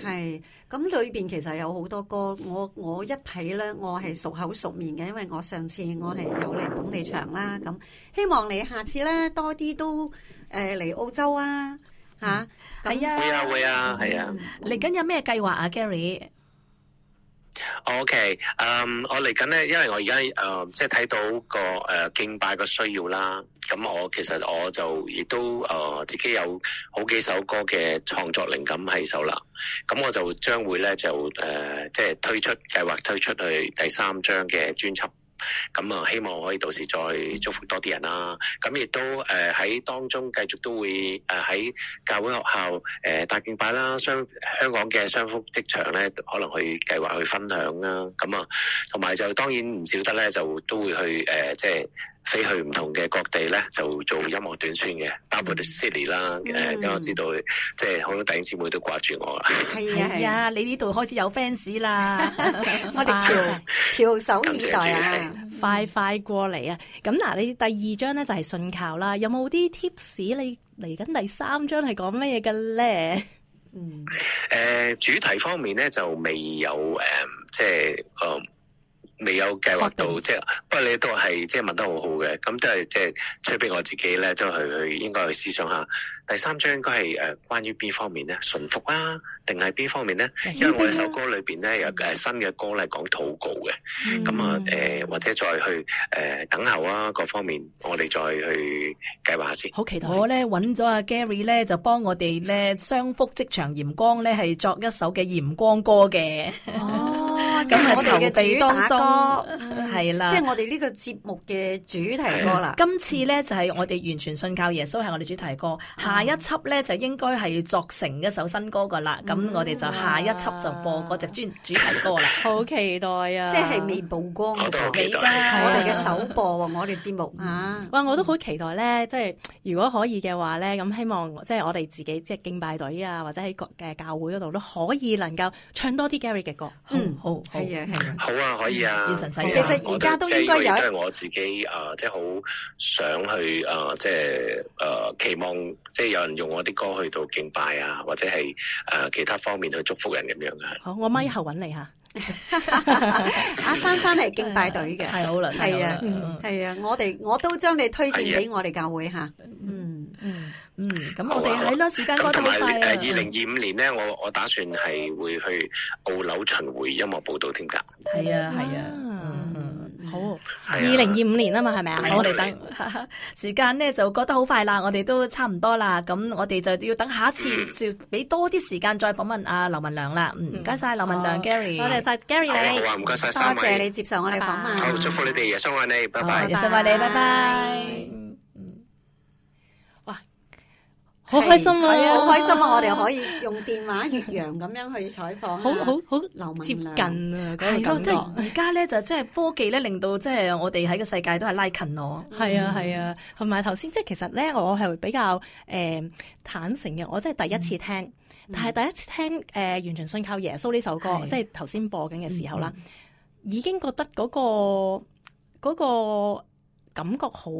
係咁裏邊其實有好多歌，我我一睇咧，我係熟口熟面嘅，因為我上次我係有嚟捧你場啦，咁希望你下次咧多啲都誒嚟澳洲啊。吓，係啊，嗯、會啊，哎、呀會啊，係、嗯、啊。嚟緊有咩計劃啊，Gary？OK，誒，Gary? okay, um, 我嚟緊咧，因為我而家誒，即係睇到個誒、呃、敬拜嘅需要啦。咁我其實我就亦都誒、呃、自己有好幾首歌嘅創作靈感喺手啦。咁我就將會咧就誒即係推出計劃推出去第三張嘅專輯。咁啊，希望可以到時再祝福多啲人啦。咁亦都誒喺當中繼續都會誒喺教會學校誒搭敬拜啦，香香港嘅雙福職場咧，可能去計劃去分享啦。咁啊，同埋就當然唔少得咧，就都會去誒，即、呃、係。就是飛去唔同嘅各地咧，就做音樂短宣嘅，包括悉尼啦。誒、嗯，即係、呃、我知道，即係好多弟兄姊妹都掛住我啦。係啊係啊，你呢度開始有 fans 啦， <laughs> <laughs> 我哋翹跳、啊、手以待啊，啊嗯、快快過嚟啊！咁嗱，你第二張咧就係、是、信靠啦。有冇啲 tips？你嚟緊第三張係講咩嘢嘅咧？嗯，誒、呃、主題方面咧就未有誒，即係誒。就是未有計劃到，即係、嗯就是、不過你都係，即、就、係、是、問得好好嘅，咁都係，即係催逼我自己咧，都、就是、去去應該去思想下。第三張應該係誒關於邊方面咧，順服啊，定係邊方面咧？因為我呢首歌裏邊咧，有誒新嘅歌咧講禱告嘅，咁啊誒、呃、或者再去誒、呃、等候啊各方面，我哋再去計劃下先。好期待！我咧揾咗阿 Gary 咧就幫我哋咧商福職場鹽光咧係作一首嘅鹽光歌嘅。 <laughs> 哦，咁啊籌備當中係啦，即係 <laughs> <laughs> 我哋呢、就是、個節目嘅主題歌啦。的今次咧就係、是、我哋完全信靠耶穌係我哋主題歌。嗯下一輯咧就應該係作成一首新歌噶啦，咁我哋就下一輯就播嗰隻專主題歌啦。好期待啊！即係未曝光嘅歌，我哋嘅首播，我哋節目啊，哇！我都好期待咧，即係如果可以嘅話咧，咁希望即係我哋自己即係敬拜隊啊，或者喺個嘅教會嗰度都可以能夠唱多啲 Gary 嘅歌。嗯，好，係啊，好啊，可以啊。其實而家都應該有，因為我自己啊，即係好想去啊，即係誒期望。即係有人用我啲歌去到敬拜啊，或者係誒其他方面去祝福人咁樣嘅。好，我媽以後揾你吓？阿珊珊係敬拜隊嘅。係好啦，係啊，係啊，我哋我都將你推薦俾我哋教會嚇。嗯嗯嗯，咁我哋喺咯，時間過得快啦。二零二五年咧，我我打算係會去澳紐巡迴音樂報導添㗎。係啊，係啊。好，二零二五年啊嘛，係咪啊？我哋等時間咧就過得好快啦，我哋都差唔多啦。咁我哋就要等下一次，要俾多啲時間再訪問阿劉文良啦。嗯，唔該晒劉文良 Gary，多謝晒 Gary 你。好啊，唔該晒，多謝你接受我哋訪問。好，祝福你哋，耶穌愛你，拜拜。耶穌愛你，拜拜。好 <music> 是開心啊！好開心啊！我哋可以用電話越洋咁樣去採訪，好好 <laughs> 好，好，好，好接近啊！即係而家咧，就即、是、係、就是、科技咧，令到即係我哋喺個世界都係拉近咯。係、嗯、啊，係啊，同埋頭先，即係其實咧，我係比較誒、呃、坦誠嘅，我真係第一次聽，嗯、但係第一次聽誒、呃，完全信靠耶穌呢首歌，是啊、即係頭先播緊嘅時候啦，嗯嗯已經覺得嗰、那個嗰、那個感覺好。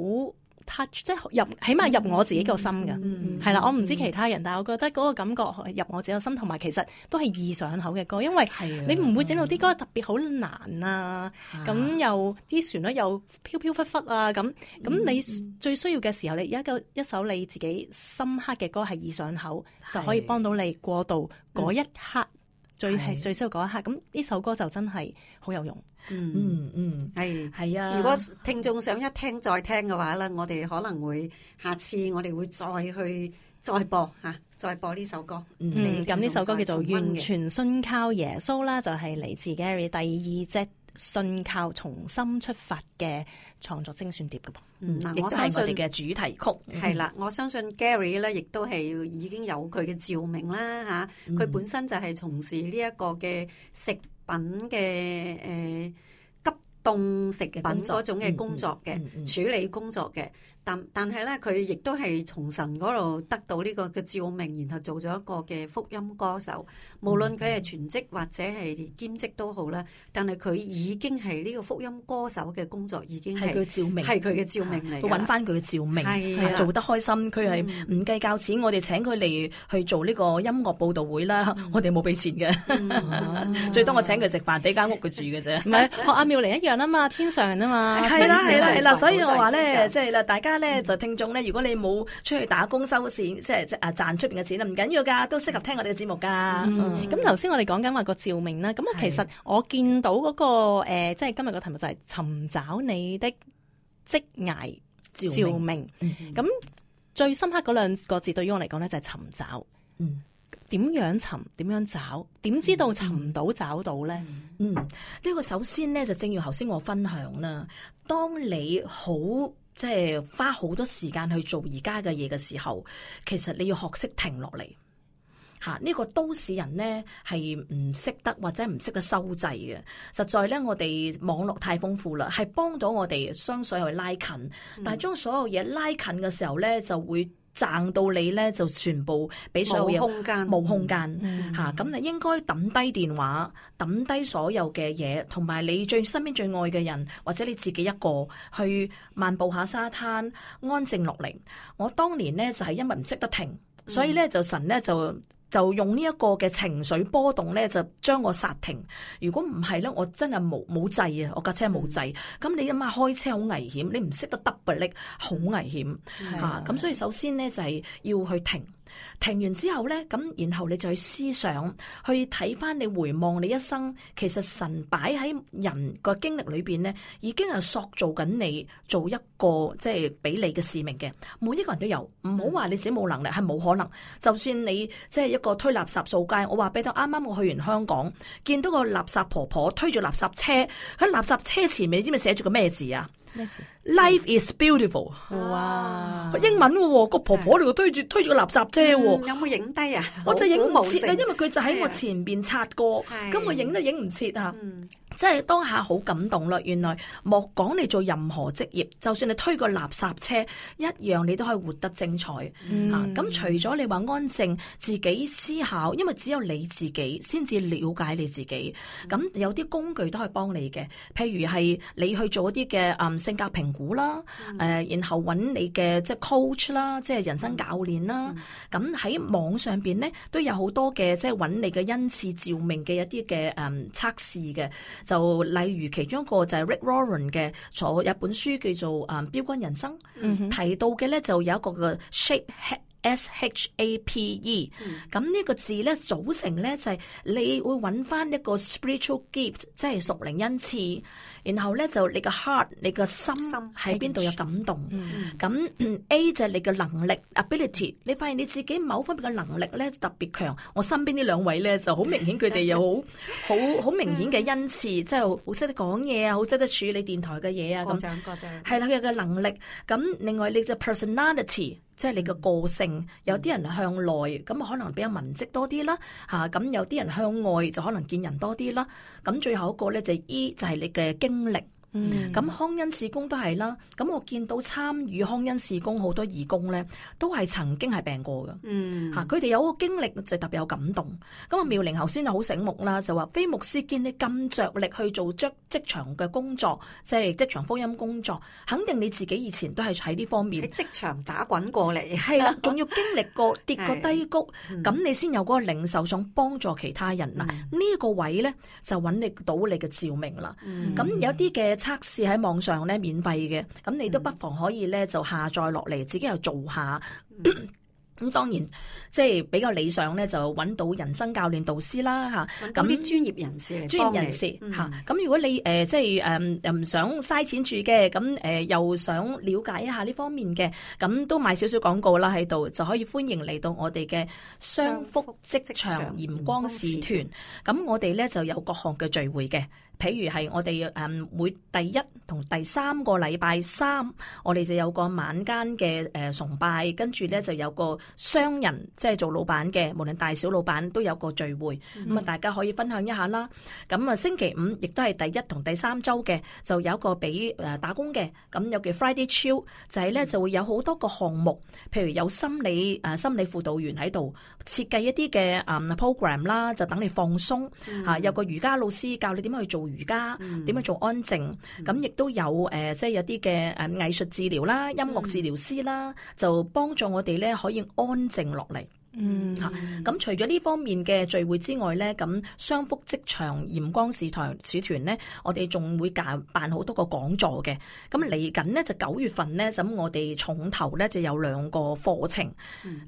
touch 即係入，起碼入我自己個心嘅，係啦、嗯嗯嗯。我唔知其他人，嗯、但係我覺得嗰個感覺入我自己個心，同埋其實都係易上口嘅歌。因為你唔會整到啲歌特別好難啊，咁、嗯、又啲旋律又飄飄忽忽啊，咁咁、啊、你最需要嘅時候，你一個一首你自己深刻嘅歌係易上口，是就可以幫到你過渡嗰一刻。嗯是最係最需要嗰一刻，咁呢首歌就真係好有用。嗯嗯嗯，係係是啊。如果聽眾想一聽再聽嘅話咧，我哋可能會下次我哋會再去再播吓，再播呢首歌。嗯，咁呢、嗯、首歌叫做完全信靠耶穌啦，就係、是、嚟自 Gary 第二隻。信靠重新出發嘅創作精選碟噶噃，嗱、嗯，亦都係我哋嘅主題曲。係、嗯、啦，我相信 Gary 咧，亦都係已經有佢嘅召命啦吓，佢、嗯、本身就係從事呢一個嘅食品嘅誒、呃、急凍食品嗰種嘅工作嘅、嗯嗯嗯嗯、處理工作嘅。但但係咧，佢亦都係從神嗰度得到呢個嘅召命，然後做咗一個嘅福音歌手。無論佢係全職或者係兼職都好啦，但係佢已經係呢個福音歌手嘅工作已經係佢召命，係佢嘅召命嚟。佢揾翻佢嘅召命，係、啊、做得開心。佢係唔計較錢，我哋請佢嚟去做呢個音樂佈道會啦。嗯、我哋冇俾錢嘅，嗯啊、 <laughs> 最多我請佢食飯俾間屋佢住嘅啫。唔係 <laughs> 學阿妙玲一樣啊嘛，天上人啊嘛。係啦係啦係啦，啦，所以我話咧，即係啦，大家。咧、嗯、就聽眾咧，如果你冇出去打工收錢，即係即啊賺出邊嘅錢啊，唔緊要噶，都適合聽我哋嘅節目噶。咁頭先我哋講緊話個召命啦，咁啊的其實我見到嗰、那個誒，即、呃、係、就是、今日個題目就係尋找你的職涯召命。咁明、嗯、最深刻嗰兩個字，對於我嚟講咧就係尋找。嗯，點樣尋？點樣找？點知道尋到、嗯、找到咧？嗯，呢、嗯、個首先咧就正如頭先我分享啦，當你好。即係花好多時間去做而家嘅嘢嘅時候，其實你要學識停落嚟吓。呢、啊這個都市人呢係唔識得或者唔識得收制嘅。實在呢，我哋網絡太豐富啦，係幫到我哋將水去拉近，但係將所有嘢拉近嘅時候呢，就會。賺到你咧，就全部俾所有，冇空間，冇空間吓，咁、嗯嗯、你應該抌低電話，抌低所有嘅嘢，同埋你最身邊最愛嘅人或者你自己一個去漫步下沙灘，安靜落嚟。我當年咧，就係因為唔識得停，所以咧，就神咧就。嗯就用呢一個嘅情緒波動咧，就將我剎停。如果唔係咧，我真係冇冇掣啊！我架車冇掣，咁你諗下開車好危險，你唔識得 double 好危險嚇。咁、嗯啊、所以首先咧，就係要去停。停完之後呢，咁然後你就去思想，去睇翻你回望你一生，其實神擺喺人個經歷裏邊呢，已經係塑造緊你做一個即係俾你嘅使命嘅。每一個人都有，唔好話你自己冇能力，係冇可能。就算你即係一個推垃圾掃街，我話俾你聽，啱啱我去完香港，見到個垃圾婆婆推住垃圾車喺垃圾車前面，你知唔知寫住個咩字啊？Life is beautiful。哇，英文喎，個婆婆嚟到推住、啊、推住個垃圾車，嗯、有冇影低啊？我就影唔切啊，因為佢就喺我前邊擦過，咁的我影都影唔切啊。的即係當下好感動啦！原來莫講你做任何職業，就算你推個垃圾車一樣，你都可以活得精彩。嚇、嗯！咁、啊、除咗你話安靜自己思考，因為只有你自己先至了解你自己。咁有啲工具都可以幫你嘅，譬如係你去做一啲嘅誒性格評估啦，嗯、然後揾你嘅即係 coach 啦，即係人生教練啦。咁喺、嗯、網上面咧都有好多嘅即係揾你嘅恩賜照明嘅一啲嘅誒測試嘅。嗯。就例如其中一個就是 Rick Warren 嘅，坐一本書叫做《標竿人生》，嗯、哼提到嘅咧就有一個嘅 shape。Sha S, S H A P E，咁呢、嗯、個字咧組成咧就係、是、你會揾翻一個 spiritual gift，即係屬靈恩賜。然後咧就你個 heart，你個心喺邊度有感動。咁、嗯、A 就係你嘅能力 ability，你發現你自己某方面嘅能力咧特別強。我身邊呢兩位咧就好明顯，佢哋有好好好明顯嘅恩賜，即係好識得講嘢啊，好識得處理電台嘅嘢啊。過獎過獎係啦，佢有嘅那長能力。咁另外你就 personality。即係你嘅個性，有啲人向內，咁可能比較文職多啲啦，吓，咁有啲人向外就可能見人多啲啦，咁最後一個咧就係 e 就係你嘅經歷。嗯，咁康恩仕工都係啦，咁我見到參與康恩仕工好多義工咧，都係曾經係病過嘅。嗯，吓佢哋有個經歷就特別有感動。咁啊妙玲頭先就好醒目啦，就話飛牧師見你咁着力去做即職場嘅工作，即係職場福音工作，肯定你自己以前都係喺呢方面，職場打滾過嚟，係啦，仲要經歷過跌個低谷，咁、嗯、你先有嗰個領受想幫助其他人嗱，呢、嗯、個位咧就搵你到你嘅召命啦。咁、嗯、有啲嘅。測試喺網上咧免費嘅，咁你都不妨可以咧就下載落嚟，嗯、自己又做一下。咁、嗯、當然，即、就、係、是、比較理想咧，就揾到人生教練導師啦吓。咁啲專業人士，專業人士吓。咁如果你誒、呃、即係誒又唔想嘥錢住嘅，咁、呃、誒又想了解一下呢方面嘅，咁都買少少廣告啦喺度，就可以歡迎嚟到我哋嘅商福職場鹽光使團。咁、嗯、我哋咧就有各項嘅聚會嘅。譬如係我哋誒每第一同第三個禮拜三，我哋就有個晚間嘅誒崇拜，跟住咧就有個商人即係、就是、做老板嘅，無論大小老闆都有個聚會，咁啊大家可以分享一下啦。咁啊星期五亦都係第一同第三周嘅，就有一個俾誒打工嘅，咁有個 Friday Chill 就係咧就會有好多個項目，譬如有心理誒心理輔導員喺度設計一啲嘅誒 program 啦，就等你放鬆嚇，有個瑜伽老師教你點樣去做。如瑜伽點樣做安靜，咁亦都有誒，即係有啲嘅誒藝術治療啦、音樂治療師啦，就幫助我哋咧可以安靜落嚟。嗯，吓咁、啊、除咗呢方面嘅聚會之外咧，咁商福職場鹽光使團使團咧，我哋仲會辦辦好多個講座嘅。咁嚟緊咧就九月份咧，咁我哋重頭咧就有兩個課程。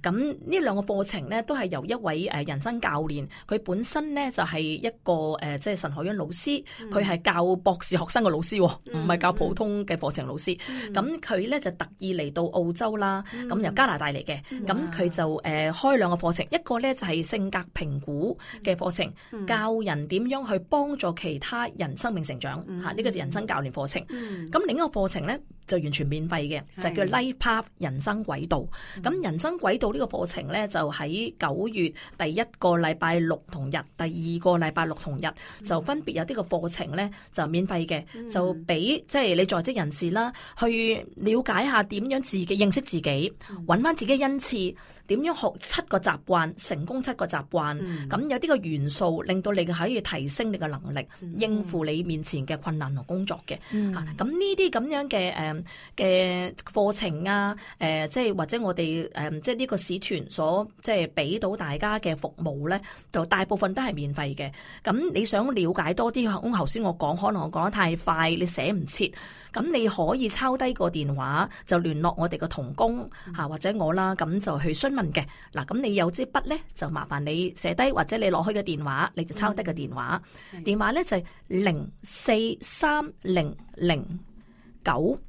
咁呢兩個課程咧都係由一位誒人生教練，佢本身咧就係、是、一個誒、呃、即係神學院老師，佢係、嗯、教博士學生嘅老師，唔係、嗯、教普通嘅課程老師。咁佢咧就特意嚟到澳洲啦，咁、嗯、由加拿大嚟嘅，咁佢哇就誒開。呃兩個課程，一個呢就係性格評估嘅課程，嗯、教人點樣去幫助其他人生命成長，吓呢個就人生教練課程。咁、嗯、另一個課程呢，就完全免費嘅，嗯、就叫 Life Path 人生軌道。咁、嗯、人生軌道呢個課程呢，就喺九月第一個禮拜六同日，第二個禮拜六同日就分別有啲個課程呢，就免費嘅、嗯，就俾即係你在職人士啦去了解下點樣自己認識自己，揾翻自己嘅恩賜。點樣學七個習慣？成功七個習慣？咁、嗯、有啲個元素令到你可以提升你嘅能力，嗯、應付你面前嘅困難同工作嘅。咁呢啲咁樣嘅誒嘅課程啊，誒即係或者我哋誒即係呢個使團所即係俾到大家嘅服務咧，就大部分都係免費嘅。咁你想了解多啲？頭先我講可能我講得太快，你寫唔切。咁你可以抄低個電話就聯絡我哋個同工吓、啊、或者我啦，咁就去問嘅嗱，咁你有支筆咧，就麻煩你寫低，或者你攞開個電話，你就抄低個電話，的電話咧就係零四三零零九五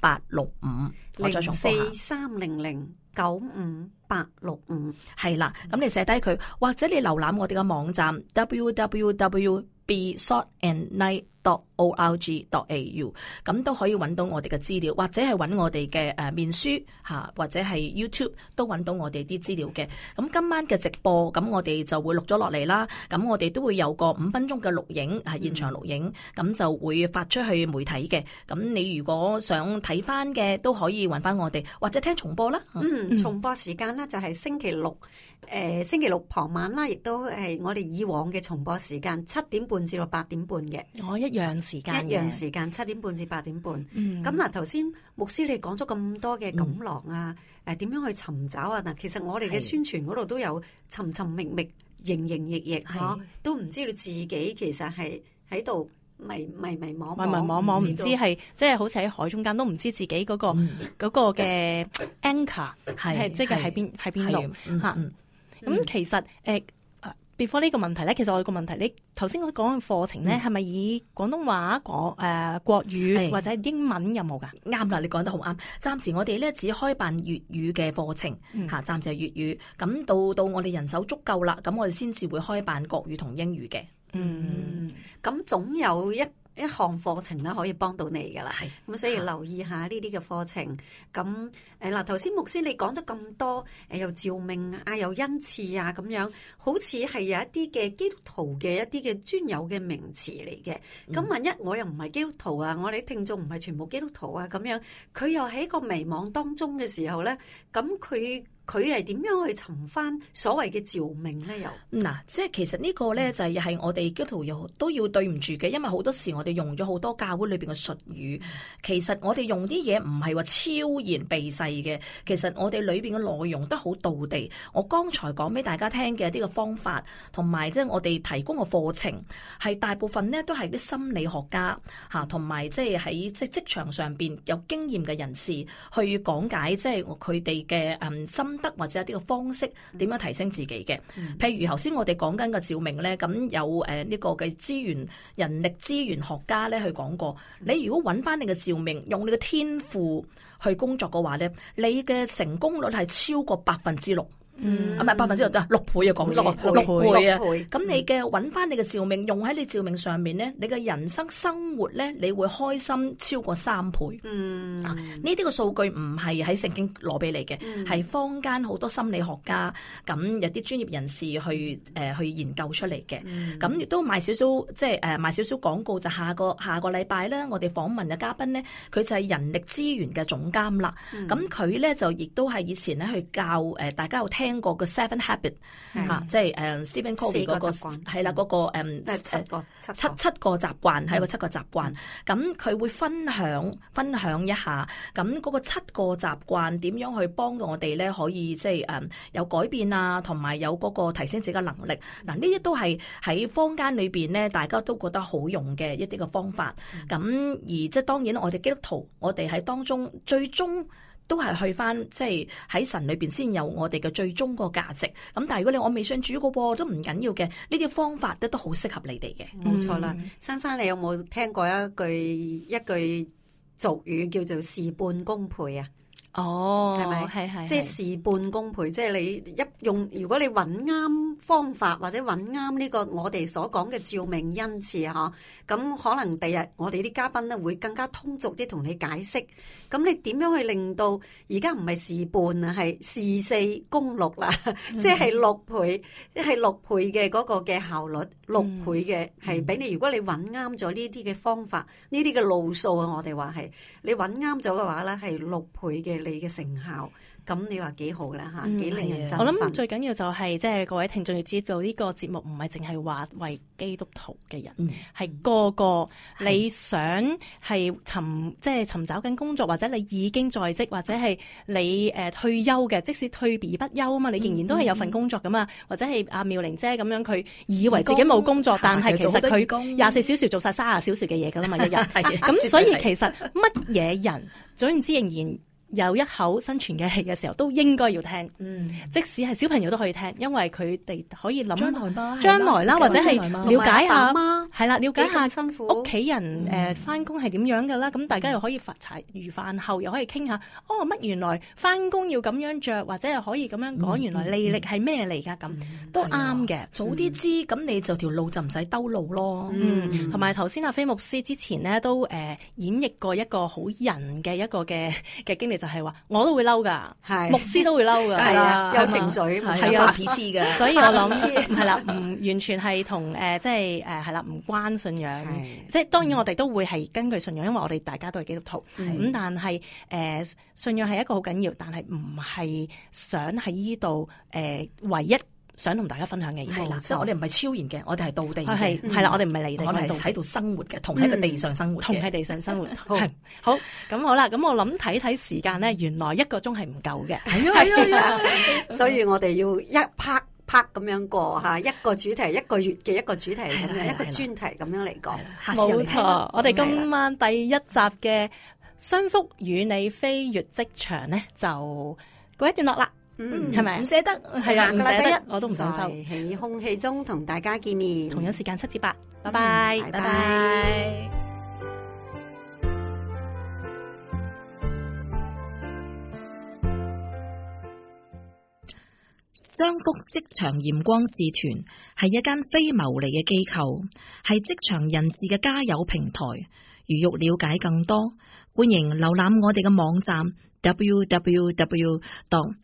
八六五，我再重複零四三零零九五八六五，係啦，咁你寫低佢，或者你瀏覽我哋嘅網站 www。嗯 bsaltandlight.org.au 咁都可以揾到我哋嘅資料，或者係揾我哋嘅誒面書嚇，或者係 YouTube 都揾到我哋啲資料嘅。咁今晚嘅直播，咁我哋就會錄咗落嚟啦。咁我哋都會有個五分鐘嘅錄影，係、嗯、現場錄影，咁就會發出去媒體嘅。咁你如果想睇翻嘅，都可以揾翻我哋，或者聽重播啦。嗯，嗯重播時間咧就係星期六。誒，星期六傍晚啦，亦都係我哋以往嘅重播時間，七點半至到八點半嘅。我一樣時間，一樣時間，七點半至八點半。咁嗱，頭先牧師你講咗咁多嘅錦囊啊，誒，點樣去尋找啊？嗱，其實我哋嘅宣傳嗰度都有尋尋覓覓、營營役役，吓，都唔知道自己其實係喺度迷迷迷惘、迷迷惘惘，唔知係即係好似喺海中間，都唔知自己嗰個個嘅 anchor 係即係喺邊喺邊度吓。咁、嗯、其實，誒、uh，before 呢個問題咧，其實我有個問題，你頭先我講嘅課程咧，係咪以廣東話講誒國、呃、國語是的 或者英文有冇㗎？啱啦，你講得好啱。暫時我哋咧只開辦粵語嘅課程，嚇、嗯，暫時係粵語。咁到到我哋人手足夠啦，咁我哋先至會開辦國語同英語嘅。嗯，咁、嗯、總有一。一項課程啦，可以幫到你噶啦，咁是所以留意下呢啲嘅課程。咁誒嗱，頭先牧師你講咗咁多誒，又召命啊，又恩賜啊，咁樣好似係有一啲嘅基督徒嘅一啲嘅專有嘅名詞嚟嘅。咁、嗯、萬一我又唔係基督徒啊，我哋聽眾唔係全部基督徒啊，咁樣佢又喺個迷惘當中嘅時候咧，咁佢。佢係點樣去尋翻所謂嘅召命咧？又嗱，即係其實呢個咧就係又係我哋基督徒要都要對唔住嘅，因為好多時我哋用咗好多教會裏邊嘅術語，其實我哋用啲嘢唔係話超然避世嘅，其實我哋裏邊嘅內容都好道地。我剛才講俾大家聽嘅呢個方法，同埋即係我哋提供嘅課程，係大部分咧都係啲心理學家吓同埋即係喺即職場上邊有經驗嘅人士去講解，即係佢哋嘅嗯心。得或者一啲嘅方式，點樣提升自己嘅，譬如頭先我哋講緊嘅召命呢，咁有誒呢個嘅資源、人力資源學家呢去講過，你如果揾翻你嘅召命，用你嘅天賦去工作嘅話呢，你嘅成功率係超過百分之六，嗯，唔係百分之六，得六倍啊，講六六倍啊。咁倍倍你嘅揾翻你嘅召命，用喺你召命上面咧，嗯、你嘅人生生活咧，你會開心超過三倍。嗯，呢啲個數據唔係喺聖經攞俾你嘅，係、嗯、坊間好多心理學家咁、嗯、有啲專業人士去誒、呃、去研究出嚟嘅。咁亦都賣少少，即係誒賣少少廣告。就下個下個禮拜咧，我哋訪問嘅嘉賓咧，佢就係人力資源嘅總監啦。咁佢咧就亦都係以前咧去教誒、呃、大家有聽聽過個 Seven Habit 吓，即係誒 Stephen Covey 嗰個係啦，嗰個誒誒七七個習慣係個七個習慣，咁佢、嗯、會分享分享一下，咁嗰個七個習慣點樣去幫到我哋咧？可以即係誒、嗯、有改變啊，同埋有嗰個提升自己嘅能力。嗱，呢啲都係喺坊間裏邊咧，大家都覺得好用嘅一啲嘅方法。咁、嗯、而即係當然，我哋基督徒，我哋喺當中最終。都係去翻，即係喺神裏邊先有我哋嘅最終個價值。咁但係如果你我未信主嘅，都唔緊要嘅。呢啲方法咧都好適合你哋嘅，冇錯、嗯、啦。珊珊，你有冇聽過一句一句俗語叫做事半功倍啊？哦是不是，係咪？係係，即係事半功倍，即係你一用，如果你揾啱方法或者揾啱呢個我哋所講嘅照明恩賜嗬。咁可能第日我哋啲嘉賓咧會更加通俗啲同你解釋。咁你點樣去令到而家唔係事半啊，係事四功六啦，嗯、即係六倍，係六倍嘅嗰個嘅效率，六倍嘅係俾你。嗯、如果你揾啱咗呢啲嘅方法，呢啲嘅路數啊，我哋話係你揾啱咗嘅話咧，係六倍嘅你嘅成效。咁你話幾好啦吓？幾、嗯、令人振奮。我諗最緊要就係即係各位聽眾要知道呢、這個節目唔係淨係話為基督徒嘅人，係、嗯、個個你想係尋即係尋找緊工作，或者你已經在職，或者係你誒退休嘅，嗯、即使退而不休啊嘛，你仍然都係有份工作噶嘛。嗯嗯、或者係阿妙玲姐咁樣，佢以為自己冇工作，工但係其實佢廿四小時做晒卅小時嘅嘢噶啦嘛，嗯、一日。咁所以其實乜嘢人，總言之仍然有一口生存嘅氣嘅時候都應該要聽，即使係小朋友都可以聽，因為佢哋可以諗將來啦，將來啦或者係了解下係啦，了解下屋企人誒返工係點樣噶啦，咁大家又可以飯柴，如飯後又可以傾下哦，乜原來返工要咁樣着，或者又可以咁樣講，原來利力係咩嚟？噶咁都啱嘅，早啲知咁你就條路就唔使兜路咯。嗯，同埋頭先阿菲牧師之前呢，都誒演繹過一個好人嘅一個嘅嘅經歷。就係話，我都會嬲噶，係牧師都會嬲噶，係啊，有情緒，係嗎啊，有脾氣嘅，所以我諗，係啦， <laughs> 唔完全係同誒，即係誒，係、就、啦、是，唔、呃、關信仰，是即係當然我哋都會係根據信仰，因為我哋大家都係基督徒，咁是、嗯、但係誒、呃，信仰係一個好緊要，但係唔係想喺呢度誒唯一。想同大家分享嘅嘢，係啦，即我哋唔係超然嘅，我哋係到地，係啦，我哋唔係離地，我哋喺度生活嘅，同喺個地上生活同喺地上生活。好咁好啦，咁我諗睇睇時間咧，原來一個鐘係唔夠嘅，係啊，係啊。所以我哋要一拍拍咁樣過嚇，一個主題一個月嘅一個主題咁樣一個專題咁樣嚟講。冇錯，我哋今晚第一集嘅商福與你飛越職場咧，就告一段落啦。嗯，係咪唔捨得係啊？唔捨得，我都唔想收。喺空氣中同大家見面，同樣時間七至八，拜拜，拜拜。商福職場鹽光使團係一間非牟利嘅機構，係職場人士嘅加油平台。如欲了解更多，歡迎瀏覽我哋嘅網站 w w w. dot